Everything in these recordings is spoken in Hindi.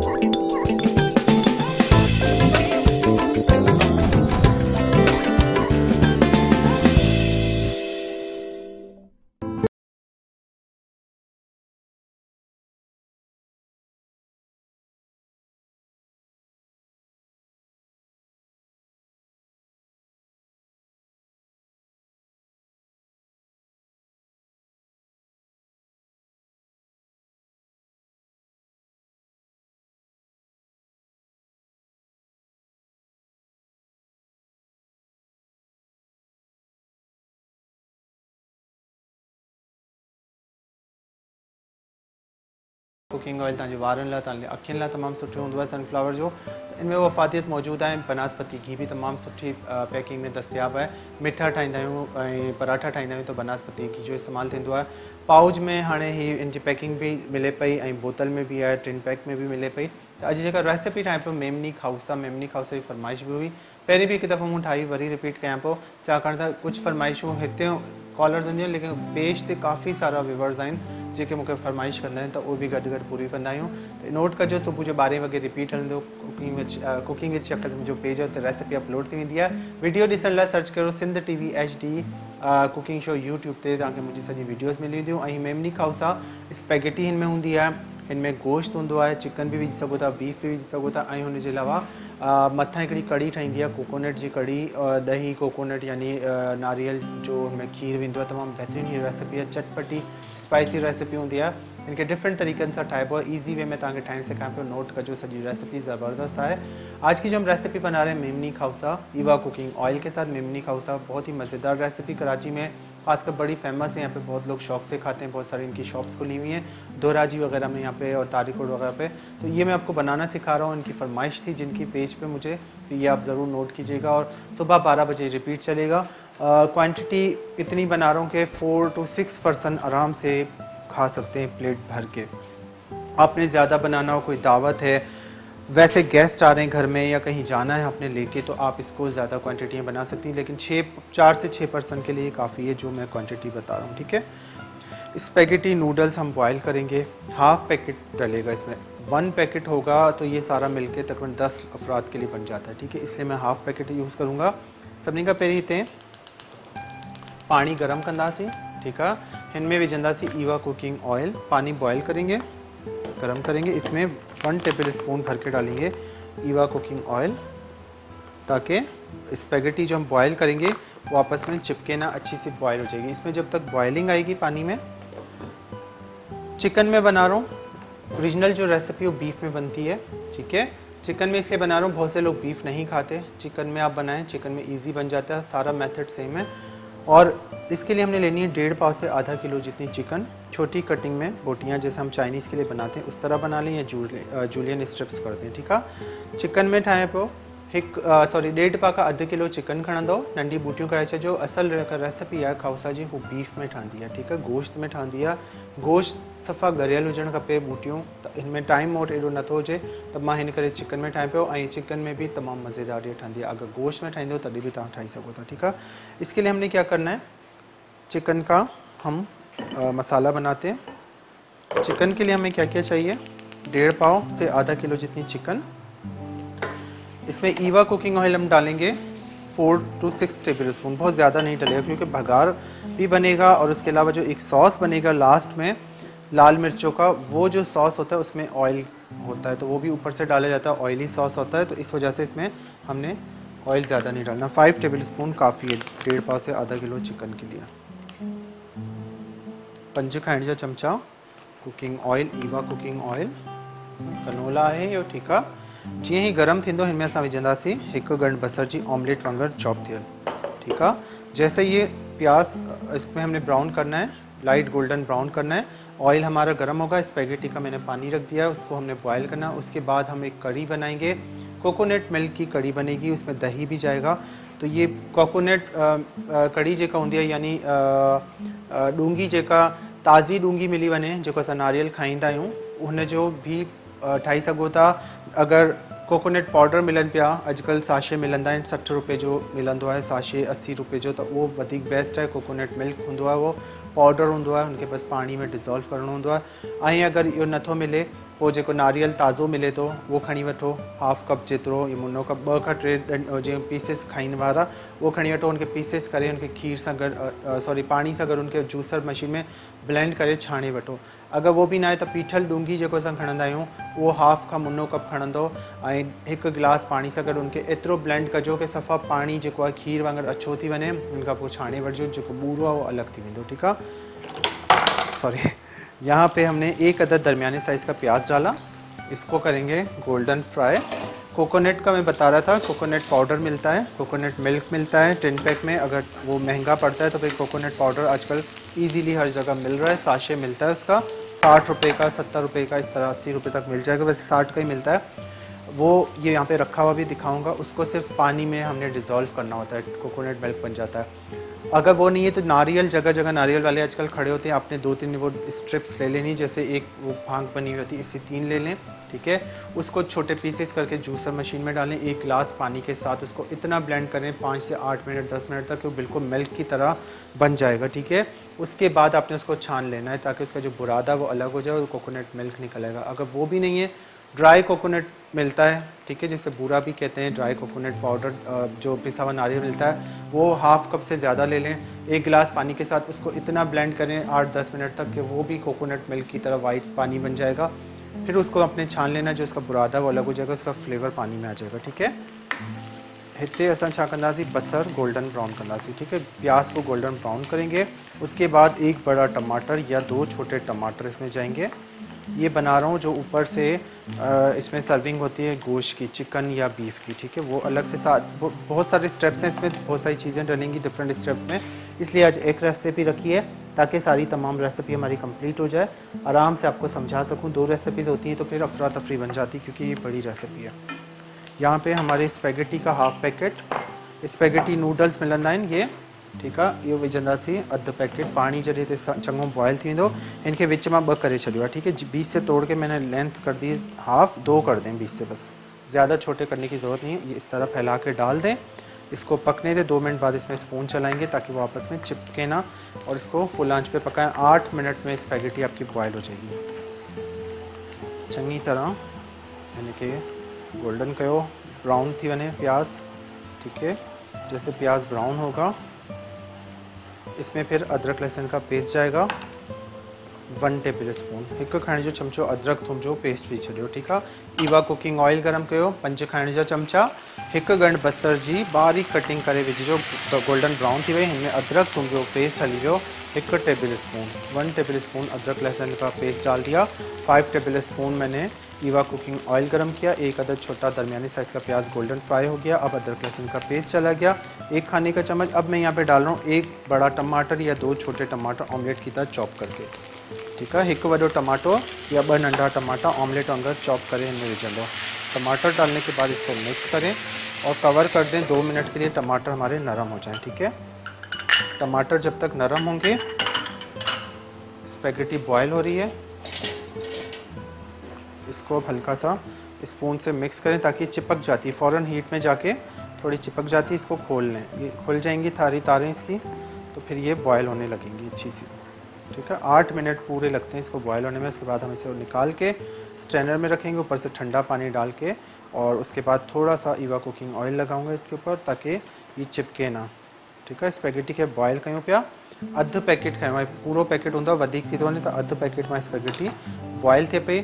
Thank you. कुकिंग ऑयल तव्हांजे वारनि लाइ तव्हांजे अखियुनि लाइ सनफ्लावर जो इनमें वफादियत मौजूद है आहे घी भी तमाम सुठी पैकिंग में दस्तियाबु है मिठा ठाहींदा पराठा ठाहींदा तो त घी जो इस्तेमाल पाउच में हाँ ही इनकी पैकिंग भी मिले पी ए बोतल में भी है टिन पैक में भी मिले पई अज अॼु रेसिपी ठाहियां मेमनी खाउसा मेमनी खाउसा की फरमाइश भी हुई पहिरीं भी एक दफ़ो मुँह ठाई वरी रिपीट क्या पो छाकाणि कुछ फरमाइशों इतने कॉलर्स लेकिन पेज से काफ़ी सारा व्यूवर्स जेके मूंखे फरमाइश कंदा आहिनि त उहो बि गॾु गॾु पूरी कंदा आहियूं त नोट कजो सुबुह जो ॿारहें वॻे रिपीट हलंदो कुकिंग में कुकिंग जी शक्त मुंहिंजो पेज त रेसिपी अपलोड थी वेंदी आहे वीडियो ॾिसण लाइ सर्च कयो Sindh T V H D cooking show YouTube ते तव्हांखे मुंहिंजी सॼी वीडियोस मिली वेंदियूं ऐं मेमनी खाउसा स्पैगेटी हिन में हूंदी आहे हिन में गोश्त हूंदो आहे चिकन बि विझी सघो था बीफ बि विझी सघो था ऐं हुनजे अलावा मथां हिकड़ी कड़ी ठाहींदी आहे कोकोनट जी कड़ी ॾही कोकोनट यानी नारियल जो हुन में खीरु वेंदो आहे तमामु बहितरीनु रेसिपी आहे चटपटी स्पाइसी रेसिपी होंगी है इनके डिफरेंट तरीकन से ठाहिबो आहे ईज़ी वे में तक तो टाइम से पियो नोट कजो सॼी रेसिपी ज़बरदस्त है आज की जो हम रेसिपी बना रहे हैं Memoni khausa Eva cooking oil के साथ मेमनी खाउसा बहुत ही मज़ेदार रेसिपी कराची में खासकर बड़ी फेमस है यहाँ पे बहुत लोग शौक से खाते हैं बहुत सारी इनकी शॉप्स खुली हुई हैं दोराजी वगैरह में यहाँ पे और तारिक रोड वगैरह पे तो ये मैं आपको बनाना सिखा रहा हूँ इनकी फरमाइश थी जिनकी पेज पे मुझे तो ये आप ज़रूर नोट कीजिएगा और सुबह बारह बजे रिपीट चलेगा क्वांटिटी इतनी बना रहा हूँ कि फ़ोर टू सिक्स पर्सन आराम से खा सकते हैं प्लेट भर के आपने ज़्यादा बनाना हो कोई दावत है वैसे गेस्ट आ रहे हैं घर में या कहीं जाना है आपने लेके तो आप इसको ज़्यादा में बना सकती हैं लेकिन छः चार से छः पर्सन के लिए काफ़ी है जो मैं क्वांटिटी बता रहा हूँ ठीक है स्पेगेटी नूडल्स हम बॉयल करेंगे हाफ़ पैकेट डलेगा इसमें वन पैकेट होगा तो ये सारा मिलके तकरीबन दस अफराद के लिए बन जाता है ठीक है इसलिए मैं हाफ़ पैकेट यूज़ करूँगा सबने का पेरी ही पानी गरम कंदासी ठीक है हिन में विझंदासीं ईवा कुकिंग ऑयल पानी बॉयल करेंगे गरम करेंगे इसमें वन टेबल स्पून भर के डालेंगे ईवा कुकिंग ऑयल ताकि स्पेगेटी जो हम बॉयल करेंगे वो आपस में चिपके ना अच्छी सी बॉयल हो जाएगी इसमें जब तक बॉयलिंग आएगी पानी में चिकन में बना रहा हूँ ओरिजिनल जो रेसिपी वो बीफ में बनती है ठीक है चिकन में इसलिए बना रहा हूँ बहुत से लोग बीफ नहीं खाते चिकन में आप बनाएं चिकन में इजी बन जाता है सारा मेथड सेम है और इसके लिए हमने लेनी है डेढ़ पाव से आधा किलो जितनी चिकन छोटी कटिंग में बोटियाँ जैसे हम चाइनीज़ के लिए बनाते हैं उस तरह बना लें या जूलियन स्ट्रिप्स कर दें ठीक है चिकन में ठाएँ पो एक सॉरी डेढ़ पा खां किलो चिकन खणंदो नंढी बूटियूं कराए छॾिजो असल रेसिपी आहे खाउसा जी हू बीफ में ठहंदी आहे ठीकु आहे गोश्त में ठहंदी आहे गोश्त सफ़ा गरियल हुजणु खपे बूटियूं त हिन में टाइम मूं वटि एॾो नथो हुजे त मां हिन करे चिकन में ठाहियां पियो ऐं चिकन में भी तमामु मज़ेदार ये ठहंदी आहे अगरि गोश्त में ठाहींदो तॾहिं बि तव्हां ठाहे सघो था ठीकु आहे इसके लिए हमने क्या करना है चिकन का हम मसाला बनाते हैं चिकन के लिए हमें क्या क्या चाहिए डेढ़ पाव से आधा किलो जितनी चिकन इसमें ईवा कुकिंग ऑयल हम डालेंगे four to six tablespoon बहुत ज़्यादा नहीं डलेगा क्योंकि भगार भी बनेगा और उसके अलावा जो एक सॉस बनेगा लास्ट में लाल मिर्चों का वो जो सॉस होता है उसमें ऑयल होता है तो वो भी ऊपर से डाला जाता है ऑयली सॉस होता है तो इस वजह से इसमें हमने ऑयल ज़्यादा नहीं डालना फाइव टेबल स्पून काफ़ी है डेढ़ पाव से आधा किलो चिकन के लिए पंच खाइण चमचा cooking oil Eva cooking oil canola है या ठीका जी ही गरम थींदो हिन में असां विझंदासीं हिकु बसर जी ऑमलेट वांगुरु चॉप थियल ठीक है जैसे ये प्याज इसमें हमने ब्राउन करना है लाइट गोल्डन ब्राउन करना है ऑयल हमारा गर्म होगा स्पैगेटी का मैंने पानी रख दिया है उसको हमने बॉयल करना है उसके बाद हम एक कड़ी बनाएंगे कोकोनट मिल्क की कड़ी बनेगी उसमें दही भी जाएगा तो ये कोकोनट कड़ी जेका होंगी यानी डूंगी जेका ताज़ी डूंगी मिली वाले जो अस नारियल खाइंदा उन जो बि अगर कोकोनट पाउडर मिलन पे अजकल साशे मिला आहिनि सठ रुपए जो मिलंदो आहे साशे असी रुपए जो तो वो बेस्ट है कोकोनट मिल्क हों पाउडर हूंदो आहे हुनखे बसि में डिजोल्व करिणो हूंदो आहे ऐं अगरि नथो मिले पोइ जेको नारियल ताज़ो मिले तो वो खणी वठो हाफ़ कप जितो ये मुनो कप ब खां टे जीअं पीसिस खाइन वारा वो खणी वठो उनके पीसिस करे खीर से सॉरी पानी सा गॾु उनके जूसर मशीन में ब्लेंड करे छाणे वठो अगर वो भी ना तो पीठल डूंगी जो अस खणंदा वो हाफ़ का मुनो कप खणंदो एक गिलास पानी से गुड उनके एतरो ब्लेंड कजो कि सफ़ा पानी जो है खीर वगैरह अच्छो थी वे उन छाने वो जो बूरो वो अलग थी वो ठीक है सॉरी यहाँ पे हमने एक अदद दरमिया साइज़ का प्याज डाला इसको करेंगे गोल्डन फ्राई कोकोनट का मैं बता रहा था कोकोनट पाउडर मिलता है कोकोनट मिल्क मिलता है टिन पैक में अगर वो महंगा पड़ता है तो भाई कोकोनट पाउडर आजकल इजीली हर जगह मिल रहा है साशे मिलता है उसका साठ रुपये का सत्तर रुपये का इस तरह अस्सी रुपये तक मिल जाएगा वैसे साठ का ही मिलता है वो ये यहाँ पे रखा हुआ भी दिखाऊंगा उसको सिर्फ पानी में हमने डिज़ोल्व करना होता है कोकोनट मिल्क बन जाता है अगर वो नहीं है तो नारियल जगह जगह नारियल वाले आजकल खड़े होते हैं आपने दो तीन वो स्ट्रिप्स ले लेनी जैसे एक वो भांग बनी हुई होती है इसी तीन ले लें ठीक है उसको छोटे पीसेस करके जूसर मशीन में डालें एक गिलास पानी के साथ उसको इतना ब्लेंड करें पाँच से आठ मिनट दस मिनट तक वो तो बिल्कुल मिल्क की तरह बन जाएगा ठीक है उसके बाद आपने उसको छान लेना है ताकि उसका जो बुरादा वो अलग हो जाए और कोकोनट मिल्क निकलेगा अगर वो भी नहीं है ड्राई कोकोनट मिलता है ठीक है जैसे बूरा भी कहते हैं ड्राई कोकोनट पाउडर जो पिसा हुआ नारियल मिलता है वो हाफ कप से ज़्यादा ले लें एक गिलास पानी के साथ उसको इतना ब्लेंड करें आठ दस मिनट तक कि वो भी कोकोनट मिल्क की तरह वाइट पानी बन जाएगा फिर उसको अपने छान लेना जो उसका बुरादा वो अलग हो जाएगा उसका फ्लेवर पानी में आ जाएगा ठीक है हिते असर छा कंदासीं बसर गोल्डन ब्राउन कंदासीं ठीक है प्याज को गोल्डन ब्राउन करेंगे उसके बाद एक बड़ा टमाटर या दो छोटे टमाटर इसमें जाएंगे ये बना रहा हूँ जो ऊपर से इसमें सर्विंग होती है गोश्त की चिकन या बीफ की ठीक है वो अलग से साथ बहुत सारे स्टेप्स हैं इसमें बहुत सारी चीज़ें डलेंगी डिफरेंट स्टेप में इसलिए आज एक रेसिपी रखी है ताकि सारी तमाम रेसिपी हमारी कंप्लीट हो जाए आराम से आपको समझा सकूँ दो रेसिपीज़ होती हैं तो फिर अफरा तफरी बन जाती क्योंकि ये बड़ी रेसिपी है यहाँ पे हमारे स्पेगेटी का हाफ पैकेट स्पेगेटी नूडल्स मिलंदा आहिनि इहे ठीकु आहे इहो विझंदासीं अधु पैकेट पाणी जॾहिं चंगो चङो बॉइल थी वेंदो तो, इनखे विच मां ॿ करे छॾियो आहे ठीकु है बीस से तोड़ के मैंने लेंथ कर दी हाफ दो कर दें बीस से बस ज़्यादा छोटे करने की ज़रूरत नहीं है ये इस तरह फैला के डाल दें इसको पकने दें दो मिनट बाद इसमें स्पून चलाएंगे ताकि वो आपस में चिपके ना और इसको फुल आंच पे पकाएं आठ मिनट में स्पैगेटी आपकी बॉयल हो जाएगी चंगी तरह यानी कि गोल्डन कयो ब्राउन थी वञे प्याज ठीक है जैसे प्याज ब्राउन होगा इसमें फिर अदरक लहसुन का पेस्ट जाएगा वन टेबल स्पून एक तो खाने जो चमचो अदरक थूम जो पेस्ट भी छोड़ो ठीक है इवा कुकिंग ऑयल गरम कर पंज खाने जो चमचा एक गंड बसर जी बारीक कटिंग करे विझिजो गोल्डन ब्राउन थी वही इनमें अदरक थूम जो पेस्ट हली जो एक tablespoon one tablespoon अदरक लहसुन का पेस्ट डाल दिया फाइव टेबल स्पून मैंने ईवा कुकिंग ऑयल गर्म किया एक अदर छोटा दरमिया साइज़ का प्याज गोल्डन फ्राई हो गया अब अदरक लहसुन का पेस्ट चला गया एक खाने का चम्मच अब मैं यहाँ पे डाल रहा हूँ एक बड़ा टमाटर या दो छोटे टमाटर ऑमलेट की तरह चॉप करके ठीक है एक वो टमाटो या ब नंढा टमाटा ऑमलेट अंदर चॉप करें हिन में टमाटर डालने के बाद इसको मिक्स करें और कवर कर दें दो मिनट के लिए टमाटर हमारे नरम हो जाए ठीक है टमाटर जब तक नरम होंगे स्पैगेटी बॉयल हो रही है इसको अब हल्का सा स्पून से मिक्स करें ताकि चिपक जाती फ़ौर हीट में जाके थोड़ी चिपक जाती इसको खोल लें ये खुल जाएंगी थारी तारें इसकी तो फिर ये बॉयल होने लगेंगी अच्छी सी ठीक है आठ मिनट पूरे लगते हैं इसको बॉयल होने में उसके बाद हम इसे निकाल के स्ट्रेनर में रखेंगे ऊपर से ठंडा पानी डाल के और उसके बाद थोड़ा सा ईवा कुकिंग ऑयल लगाऊंगा इसके ऊपर ताकि ये चिपके ना ठीक है स्पैगेटी के बॉयल कयूं पे अध पैकेट खाए पूरा पैकेट होंगे वधीक थी तो वञे त अधु पैकेट मां बॉयल थे पे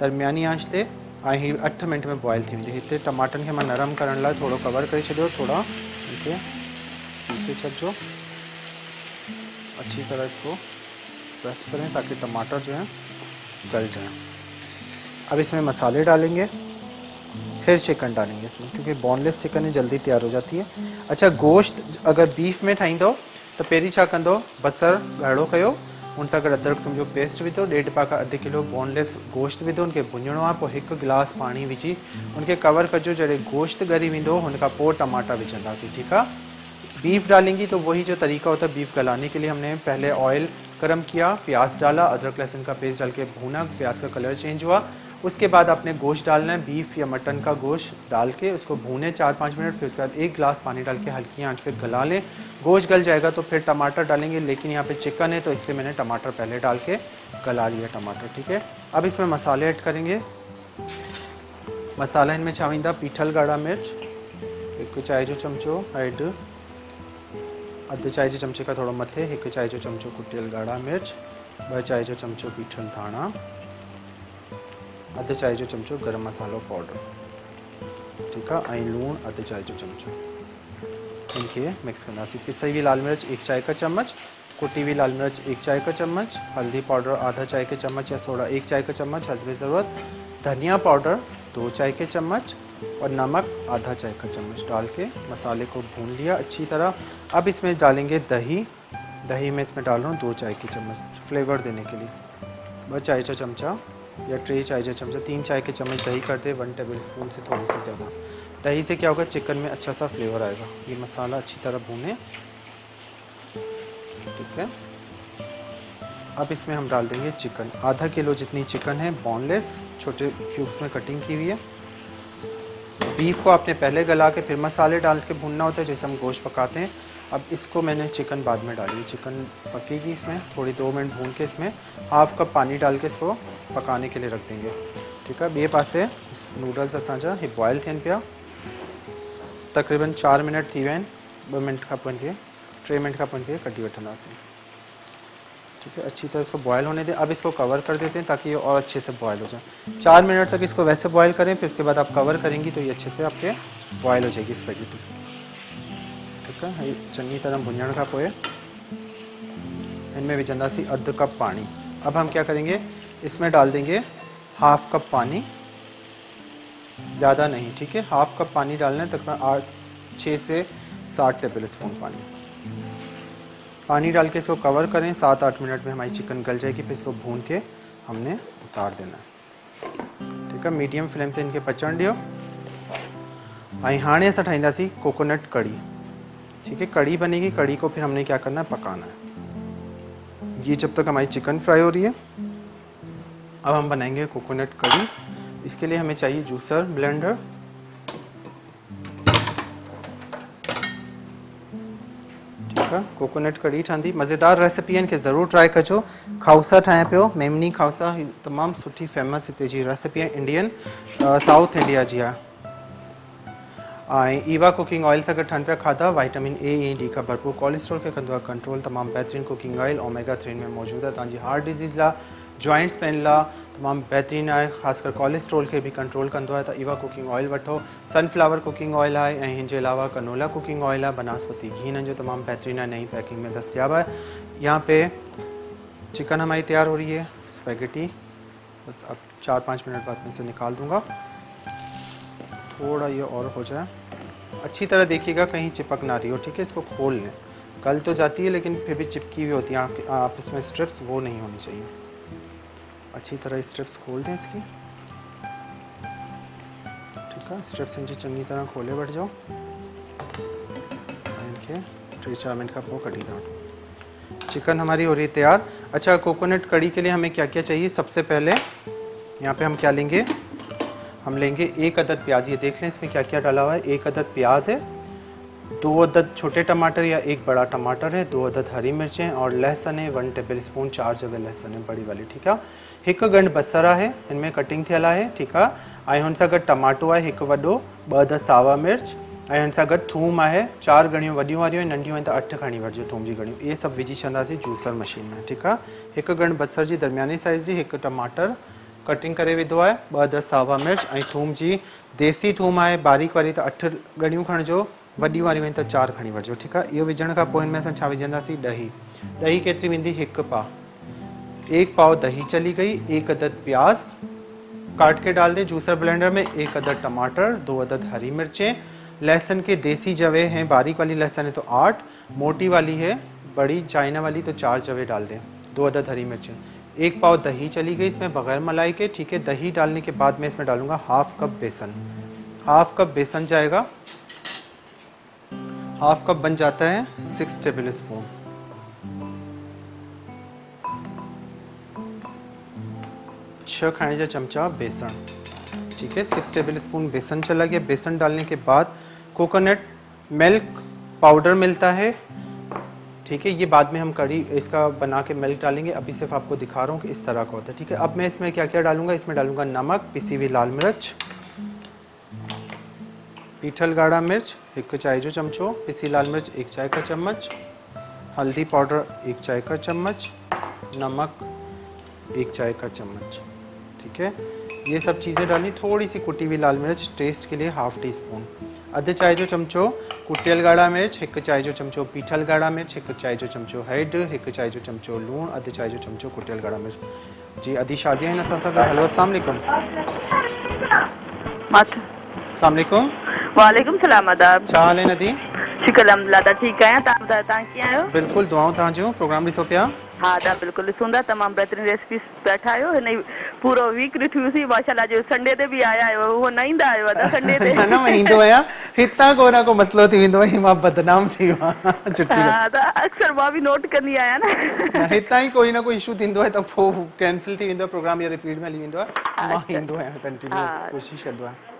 दरमियानी आँच ते ऐं अठ मिंट में बॉइल थी इतने टमाटन के मैं नरम करण ला थोरो कवर कर छोड़ो थोड़ा इनके पीछे छो अच्छी तरह इसको प्रेस करें ताकि टमाटर जो है गल जाए अब इसमें मसाले डालेंगे फिर चिकन डालेंगे इसमें क्योंकि बोनलेस चिकन ही जल्दी तैयार हो जाती है अच्छा गोश्त अगर बीफ में ठाई तो पैर छा बसर गाढ़ो कर सा अदरक तुम जो पेस्ट विधो डेढ़ पा का अद किलो बोनलेस गोश्त विधो उनके भुञणो एक पोइ गिलास पानी विझी उनके कवर कजो जैसे गोश्त गरी वो उनका पो टमाटा विझंदासीं ठीक है बीफ डालेंगी तो वही जो तरीका होता है बीफ गलाने के लिए हमने पहले ऑयल गर्म किया प्याज डाला अदरक लहसुन का पेस्ट डाल के भूना प्याज का कलर चेंज हुआ उसके बाद आपने गोश्त डालना है बीफ या मटन का गोश्त डाल के उसको भूने चार पाँच मिनट फिर उसके बाद एक गिलास पानी डाल के हल्की आँच पे गला लें गोश्त गल जाएगा तो फिर टमाटर डालेंगे लेकिन यहाँ पे चिकन है तो इसलिए मैंने टमाटर पहले डाल के गला लिया टमाटर ठीक है अब इसमें मसाले ऐड करेंगे मसाला इनमें चाविंदा पीठल गाढ़ा मिर्च एक चाय जो चमचो एड अध चाय जो चमचे का थोड़ा मथे एक चाय जो चमचो कुटियल गाढ़ा मिर्च ब चाय जो चमचो पीठल धाणा अध चाय जो चमचो गरम मसालो पाउडर ठीक है ऐं लूणु चाय जो चमचो इनके मिक्स करना सी पिसाई हुई लाल मिर्च एक चाय का चम्मच कुटी हुई लाल मिर्च एक चाय का चम्मच हल्दी पाउडर आधा चाय के चम्मच या सोडा एक चाय का चम्मच हसबे ज़रूरत धनिया पाउडर दो चाय के चम्मच और नमक आधा चाय का चम्मच डाल के मसाले को भून लिया अच्छी तरह अब इसमें डालेंगे दही दही में इसमें डाल रहा हूँ दो चाय की चम्मच फ्लेवर देने के लिए बस चाय चा चमचा या ट्रे चाय का चम्मच तीन चाय के चम्मच दही कर दे वन टेबल स्पून से थोड़ी सी ज़्यादा दही से क्या होगा चिकन में अच्छा सा फ्लेवर आएगा ये मसाला अच्छी तरह भूने ठीक है अब इसमें हम डाल देंगे चिकन आधा किलो जितनी चिकन है बोनलेस छोटे क्यूब्स में कटिंग की हुई है बीफ को आपने पहले गला के फिर मसाले डाल के भूनना होता है जैसे हम गोश्त पकाते हैं अब इसको मैंने चिकन बाद में डाली चिकन पकेगी इसमें थोड़ी दो मिनट भून के इसमें हाफ कप पानी डाल के इसको पकाने के लिए रख देंगे ठीक है पास है नूडल्स असाजा ये बॉयल थे पे तक़रीबन चार मिनट थी वैन दो मिनट का पन के टे टे का पन के कटी कढी से ठीक है अच्छी तरह इसको बॉयल होने दें अब इसको कवर कर देते हैं ताकि ये और अच्छे से बॉयल हो जाए चार मिनट तक इसको वैसे बॉयल करें फिर इसके बाद आप कवर करेंगी तो ये अच्छे से आपके बॉयल हो जाएगी स्पेगेटी चंगी तरह भुंजण का पोए इनमें सी अधु कप पानी अब हम क्या करेंगे इसमें डाल देंगे हाफ कप पानी ज़्यादा नहीं ठीक है हाफ कप पानी डालना है तकरीबन आठ छः से सात टेबल स्पून पानी पानी डाल के इसको कवर करें सात आठ मिनट में हमारी चिकन गल जाएगी फिर इसको भून के हमने उतार देना है ठीक है मीडियम फ्लेम से इनके पचन ॾियो हाँ हाणे कोकोनट कड़ी ठीक है कड़ी बनेगी कड़ी को फिर हमने क्या करना है पकाना है ये जब तक हमारी चिकन फ्राई हो रही है अब हम बनाएंगे कोकोनट कड़ी इसके लिए हमें चाहिए जूसर ब्लेंडर कोकोनट कड़ी ठहंदी मज़ेदार रेसिपी है ज़रूर ट्राई ट्राए कजो खाउसा ठाहियां पियो मेमनी खाउसा तमाम सुठी फेमस इतनी रेसिपी है इंडियन साउथ इंडिया जी है ईवा कुकिंग ऑयल से अगर ठंड पे खाता वाइटामिन ए ऐं e, डी का भरपूर कोलेस्ट्रॉल के कंदो कंट्रोल तमाम बेहतरीन कुकिंग ऑयल ओमेगा थ्रीन में मौजूद है तव्हांजी हार्ट डिज़ीज़ ला जॉइंट्स पेन ला तमाम बेहतरीन है खासकर कर कोलेस्ट्रोल खे कंट्रोल कह है ईवा कुकिंग ऑयल वो सनफ्लावर कुकिंग ऑयल है इन अलावा कनोला कुकिंग ऑयल है बनस्पति घी इन जो बेहतरीन है नई पैकिंग में दस्तियाब है यहाँ पे चिकन हमारी तैयार हो रही है स्पैगेटी बस अब चार पाँच मिनट बाद में से निकाल दूंगा थोड़ा ये और हो जाए अच्छी तरह देखिएगा कहीं चिपक ना रही हो ठीक है इसको खोल लें कल तो जाती है लेकिन फिर भी चिपकी हुई होती है आप, आप इसमें स्ट्रिप्स वो नहीं होनी चाहिए अच्छी तरह स्ट्रिप्स खोल दें इसकी ठीक है स्ट्रिप्स इनसे चंगी तरह खोले बैठ जाओ इनके थ्री चार मिनट का वो कटी डाउट चिकन हमारी हो रही तैयार अच्छा कोकोनट कड़ी के लिए हमें क्या क्या चाहिए सबसे पहले यहाँ पे हम क्या लेंगे हम लेंगे एक अदद प्याज ये देख लें इसमें क्या क्या डाला हुआ है एक अदद प्याज है दो अदद छोटे टमाटर या एक बड़ा टमाटर है दो अदद हरी मिर्चें और लहसुन है वन टेबल स्पून चार जगह लहसुन है बड़ी वाली ठीक है एक गंढ बसर है इनमें कटिंग थियल है ठीक है आई हुन सां टमाटो है एक वो ॿ सावा मिर्च आई हुन गुड थूम है चार घड़ी व्यू वारियूं आहिनि नंढियूं आहिनि अठ खणी वठिजो थूम जी ॻणियूं ये सब विझी छॾंदासीं जूसर मशीन में ठीक है एक गंढ बसर जी दरमियानी साइज़ जी एक टमाटर कटिंग करे विधो है ब दस सावा मिर्च थूम जी देसी थूम है बारीक वाली तो अठ गणी खो वी वाली वही तो चार खणी वो ठीक है ये विझण का पोइ में असां छा दही दही केतरी वी एक पा एक पाव दही चली गई एक अदद प्याज काट के डाल दे जूसर ब्लेंडर में एक अदद टमाटर दो अदद हरी मिर्चें लहसन के देसी जवे हैं बारीक वाली लहसन है तो आठ मोटी वाली है बड़ी चाइना वाली तो चार जवे डाल दें दो अदद हरी मिर्चें एक पाव दही चली गई इसमें बगैर मलाई के ठीक है दही डालने के बाद मैं इसमें डालूंगा हाफ कप बेसन हाफ कप बेसन जाएगा हाफ कप बन जाता है सिक्स टेबल स्पून छह खाने का चमचा बेसन ठीक है सिक्स टेबल स्पून बेसन चला गया बेसन डालने के बाद कोकोनट मिल्क पाउडर मिलता है ठीक है ये बाद में हम कड़ी इसका बना के मिल्क डालेंगे अभी सिर्फ आपको दिखा रहा हूँ कि इस तरह का होता है ठीक है अब मैं इसमें क्या क्या डालूंगा इसमें डालूंगा नमक पिसी हुई लाल मिर्च पीठल गाढ़ा मिर्च एक चाय जो चमचो पिसी लाल मिर्च एक चाय का चम्मच हल्दी पाउडर एक चाय का चम्मच नमक एक चाय का चम्मच ठीक है ये सब चीज़ें डाली थोड़ी सी कुटी हुई लाल मिर्च टेस्ट के लिए हाफ टी स्पून आधे चाय जो चमचो कुटियल गाढ़ा मिर्च एक चाय जो चमचो पीठल गाढ़ा मिर्च एक चाय जो चमचो हेड एक चाय जो चमचो लूण अधु चाय जो चमचो कुटियल गाढ़ा मिर्च जी अदी शाज़ी हैं असां सां हेलो अस्सलाम वालेकुम अस्सलाम वालेकुम वालेकुम सलाम आदाब छा हाल आहिनि अदी शुक्र अल्हम्दुलिल्लाह ठीक है ता ता तव्हां कीअं आहियो बिल्कुलु दुआऊं तव्हां जूं प्रोग्राम ॾिसो पिया हाँ दा बिल्कुल ॾिसूं तमाम बेहतरीन रेसिपी बैठा आहियो हिन जी पूरो वीक रिथ्यू सी माशाल्लाह जो संडे ते भी आया आहियो वो न ईंदा आहियो अदा संडे ते ना मां ईंदो आया हितां को ना को मसलो थी वेंदो आहे मां बदनाम थी वियो आहियां हा दा अक्सर मां भी नोट करनी आया ना हितां ही कोई ना कोई इशू थींदो है तो पोइ कैंसिल थी वेंदो आहे प्रोग्राम या रिपीट में हली वेंदो आहे मां अच्छा। ईंदो है कंटिन्यू हाँ। कोशिशि कंदो आहियां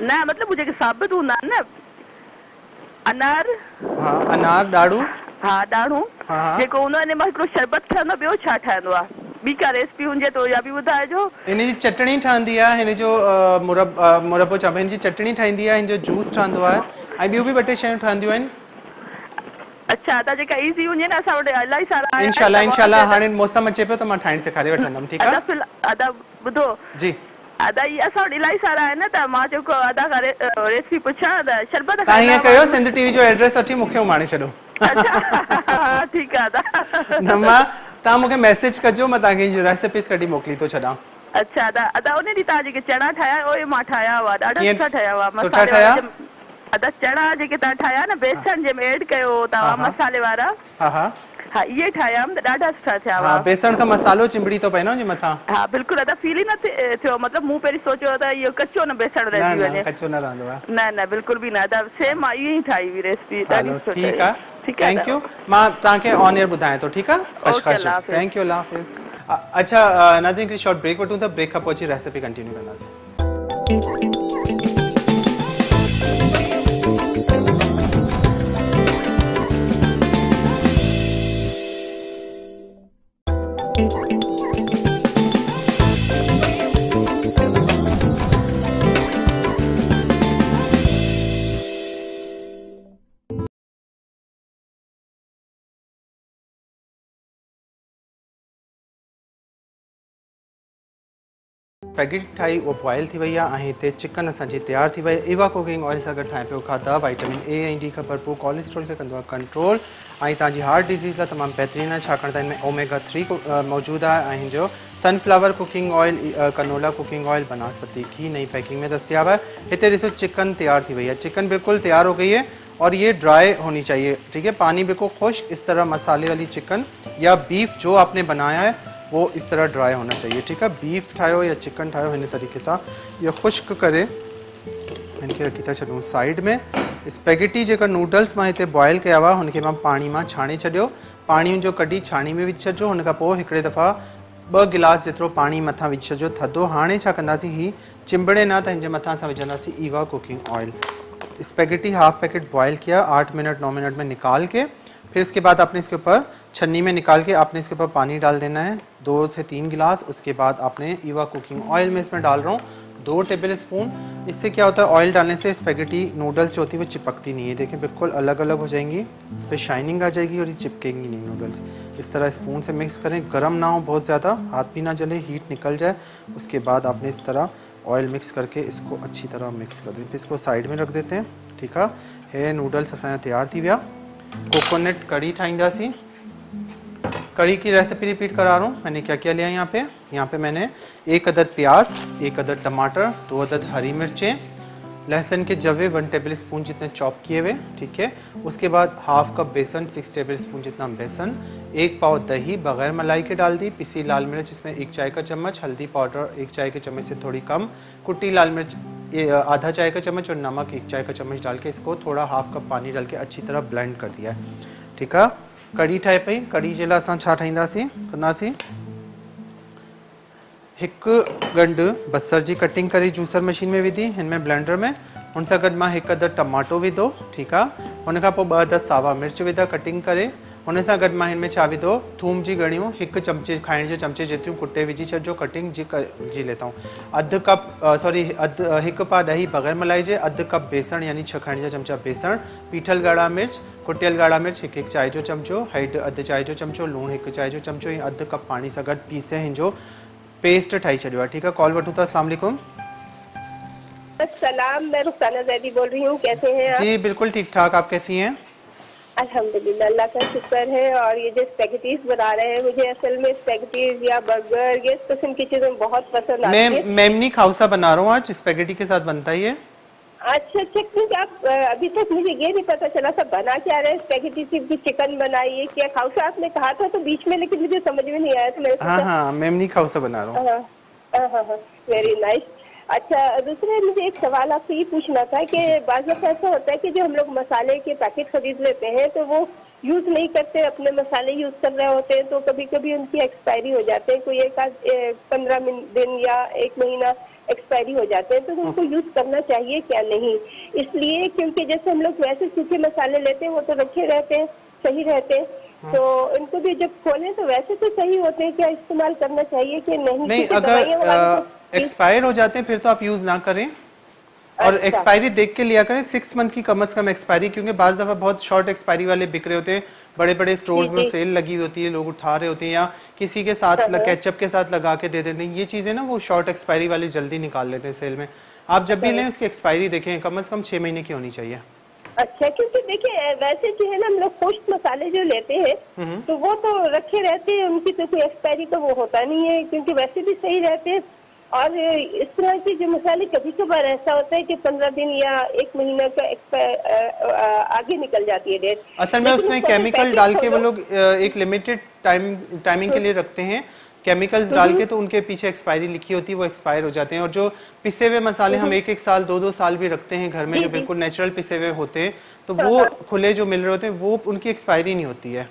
ना मतलब मुझे के साबित हूं ना ना अनार हां अनार डाड़ू हां डाड़ू हां जेको उनो ने मा हिकरो शरबत ठानो बियो छा ठानो आ बी का रेसिपी हुंजे तो या भी बुधाए जो इने जी चटणी ठांदी आ इने जो मुरब मुरबो चबेन जी चटणी ठाइंदी आ इन जो जूस ठांदो आ आई बियो भी बटे शय ठांदियो आ अच्छा त जेका इजी हुंजे ना असा वटे इलाही सारा इंशाल्लाह इंशाल्लाह हाणे मौसम अचे पियो त मां ठाइण सेखारे वठंदम अदाई असो इलाई सारा है ना त मा जो को अदा करे रेसिपी पुछा द शरबत का ताई कयो सिंध टीवी जो एड्रेस अठी मुखे माने छडो अच्छा ठीक है दा नम्मा ता मुके मैसेज करजो मैं ताके जो रेसिपीज कडी मोकली तो छडा अच्छा दा अदा ओने दी ता जे चणा ठाया ओ मा ठाया वा दादा सुठा ठाया वा सुठा ठाया अदा चणा जे के ता ठाया ना बेसन जे कयो मसाले हा इहे ठाहिया हुअमि डाटा ॾाढा थे आवाज हाँ, तो हाँ बेसन का मसालो चिंबड़ी थो तो पए जी मत मथां हाँ बिल्कुल अदा फील ई न थियो मतिलबु मूं पहिरीं सोचियो त इहो कचो न बेसण रहिजी वञे कचो न रहंदो आहे ना न बिल्कुलु बि ना त सेम मां इहो ई ठाही हुई रेसिपी ॾाढी सुठी ठीकु आहे थैंक यू मां तव्हांखे ऑन एयर ॿुधायां थो ठीकु आहे थैंक यू अलाह अच्छा नाज़िम शॉर्ट ब्रेक वठूं था ब्रेक खां पोइ रेसिपी कंटिन्यू कंदासीं स्पेगेटी ठाही उहा बॉइल थी चिकन असांजी तैयार थी इवा कुकिंग ऑयल से अगर ठाहे पियो खाधा वाइटामिन ए डी का भरपूर कोलेस्ट्रॉल के कंदो कंट्रोल हार्ट डिज़ीज़ का तमाम बेहतरीन है छाकाणि में ओमेगा थ्री मौजूद है ऐं जो sunflower cooking oil canola cooking oil बनस्पति घी नई पैकिंग में दस्तियाब है इतने ॾिसो चिकन तैयार थी है चिकन बिल्कुल तैयार हो गई है और ये ड्राई होनी चाहिए ठीक है पानी बिल्कुल खुश इस तरह मसाले वाली चिकन या बीफ जो आपने बनाया है वो इस तरह ड्राई होना चाहिए ठीक है बीफ ठाहियो या चिकन ठाहियो इन तरीक़े से ये ख़ुश्क करें इनके रखी था छॾूं साइड में स्पेगेटी जो नूडल्स में इतने बॉयल कया हुआ उनके पानी पाणी मां छाणे छॾियो जो कढी छानी में विझी छॾिजो हुन दफ़ा ब गिलास जो पानी मत विझी छॾिजो थधो हाँ छा कंदासीं चिंबड़े ना तो हिन जे मथां Eva cooking oil spaghetti half packet boil किया आठ मिनट नौ मिनट में निकाल के फिर इसके बाद आपने इसके ऊपर छन्नी में निकाल के आपने इसके ऊपर पानी डाल देना है दो से तीन गिलास उसके बाद आपने ईवा कुकिंग ऑयल में इसमें डाल रहा हूँ दो टेबल स्पून इससे क्या होता है ऑयल डालने से स्पेगेटी नूडल्स जो होती है वो चिपकती नहीं है देखें बिल्कुल अलग अलग हो जाएंगी इस पर शाइनिंग आ जाएगी और ये चिपकेंगी नहीं नूडल्स इस तरह स्पून से मिक्स करें गर्म ना हो बहुत ज़्यादा हाथ भी ना जले हीट निकल जाए उसके बाद आपने इस तरह ऑयल मिक्स करके इसको अच्छी तरह मिक्स कर दें फिर इसको साइड में रख देते हैं ठीक है नूडल्स असाया तैयार थी विया कोकोनट कड़ी ठाहींदासीं कड़ी की रेसिपी रिपीट करा रहा हूँ मैंने क्या क्या लिया यहाँ पे यहाँ पे मैंने एक अदद प्याज एक अदद टमाटर दो अदद हरी मिर्चें लहसुन के जवे वन टेबल स्पून जितने चॉप किए हुए ठीक है उसके बाद हाफ कप बेसन सिक्स टेबल स्पून जितना बेसन एक पाव दही बगैर मलाई के डाल दी पिसी लाल मिर्च इसमें एक चाय का चम्मच हल्दी पाउडर एक चाय के चम्मच से थोड़ी कम कुट्टी लाल मिर्च आधा चाय का चम्मच और नमक एक चाय का चम्मच डाल के इसको थोड़ा हाफ कप पानी डाल के अच्छी तरह ब्लेंड कर दिया है ठीक है कढ़ी ठाए पई कढ़ी जे लाइ असां छा ठाहींदासीं कंदासीं बसर जी कटिंग करी जूसर मशीन में विधी हिन में ब्लेंडर में हुन सां गॾु मां टमाटो विधो ठीक है हुन खां सावा मिर्च विधा कटिंग करे उन सां गॾु मां में छा विधो थूम की गणियों एक चमचे खाने के चमचे जेतिरियूं कुटे विझी छो कटिंग जी क, जी लेता हूँ अध कप सॉरी अधु एक पा दही बग़ैर मलाई मलाइजे अध कप बेसन यानी छह खाने का चमचा बेसन पीठल गाढ़ा मिर्च कुटियल गाढ़ा मिर्च एक एक चाय जो चमचो हेड अधु चाय जो चमचो लूण एक चाय जो चमचो या अध कप पानी से गॾु पीसे हिनजो पेस्ट ठाई छो ठीक है कॉल वो असल सलाम मैं रुखसाना जैदी बोल रही हूँ कैसे हैं आप? जी बिल्कुल ठीक ठाक आप कैसी हैं अल्हम्दुलिल्लाह अल्लाह का शुक्र है और ये जो स्पेगेटीज बना रहे हैं मुझे असल में स्पेगेटीज या बर्गर ये किस्म की चीजें बहुत पसंद मैं मेमनी खाउसा बना रहा हूँ आज स्पेगेटी के साथ बनता है अच्छा अच्छा आप अभी तक मुझे ये नहीं पता चला था बना क्या रहे स्पेगेटी सिर्फ चिकन बनाई है क्या खाउसा आपने कहा था तो बीच में लेकिन मुझे समझ में नहीं आया था मैं हाँ हाँ मेमनी खाउसा बना रहा हूँ वेरी नाइस अच्छा दूसरे मुझे एक सवाल आपसे ये पूछना था कि बाज़ ऐसा होता है कि जो हम लोग मसाले के पैकेट खरीद लेते हैं तो वो यूज़ नहीं करते अपने मसाले यूज़ कर रहे होते हैं तो कभी कभी उनकी एक्सपायरी हो जाते हैं कोई एक आध पंद्रह दिन या एक महीना एक्सपायरी हो जाते हैं तो हाँ। उनको यूज़ करना चाहिए क्या नहीं इसलिए क्योंकि जैसे हम लोग वैसे सूखे मसाले लेते हैं वो तो रखे रहते हैं सही रहते हैं हाँ। तो इनको भी जब खोलें तो वैसे तो सही होते हैं क्या इस्तेमाल करना चाहिए कि नहीं, नहीं अगर एक्सपायर हो जाते हैं फिर तो आप यूज ना करें और एक्सपायरी अच्छा। देख के लिया करें सिक्स मंथ की कम अज कम एक्सपायरी क्योंकि बाज दफा बहुत शॉर्ट एक्सपायरी वाले बिक रहे होते हैं बड़े बड़े स्टोर्स में सेल लगी होती है लोग उठा रहे होते हैं या किसी के साथ कैचअप अच्छा, अच्छा। के साथ लगा के दे देते हैं ये चीजें ना वो शॉर्ट एक्सपायरी वाले जल्दी निकाल लेते हैं सेल में आप जब भी लें उसकी एक्सपायरी देखें कम अज कम छह महीने की होनी चाहिए अच्छा क्योंकि देखिए वैसे जो है ना हम लोग खुश्क मसाले जो लेते हैं हम्म। तो वो तो रखे रहते हैं उनकी तो कोई एक्सपायरी तो वो होता नहीं है क्योंकि वैसे भी सही रहते हैं और इस तरह के जो मसाले कभी कभार ऐसा होता है कि पंद्रह दिन या एक महीना का आगे निकल जाती है डेट असल में उसमें केमिकल डाल के वो लोग एक लिमिटेड टाइम टाइमिंग के लिए रखते हैं केमिकल्स हम्म। डाल के तो उनके पीछे एक्सपायरी लिखी होती है वो एक्सपायर हो जाते हैं और जो पिसे हुए मसाले हम हम्म। एक एक साल दो दो साल भी रखते हैं घर में जो बिल्कुल नेचुरल पिसे हुए होते हैं तो हाँ, वो हाँ। खुले जो मिल रहे होते हैं वो उनकी एक्सपायरी नहीं होती है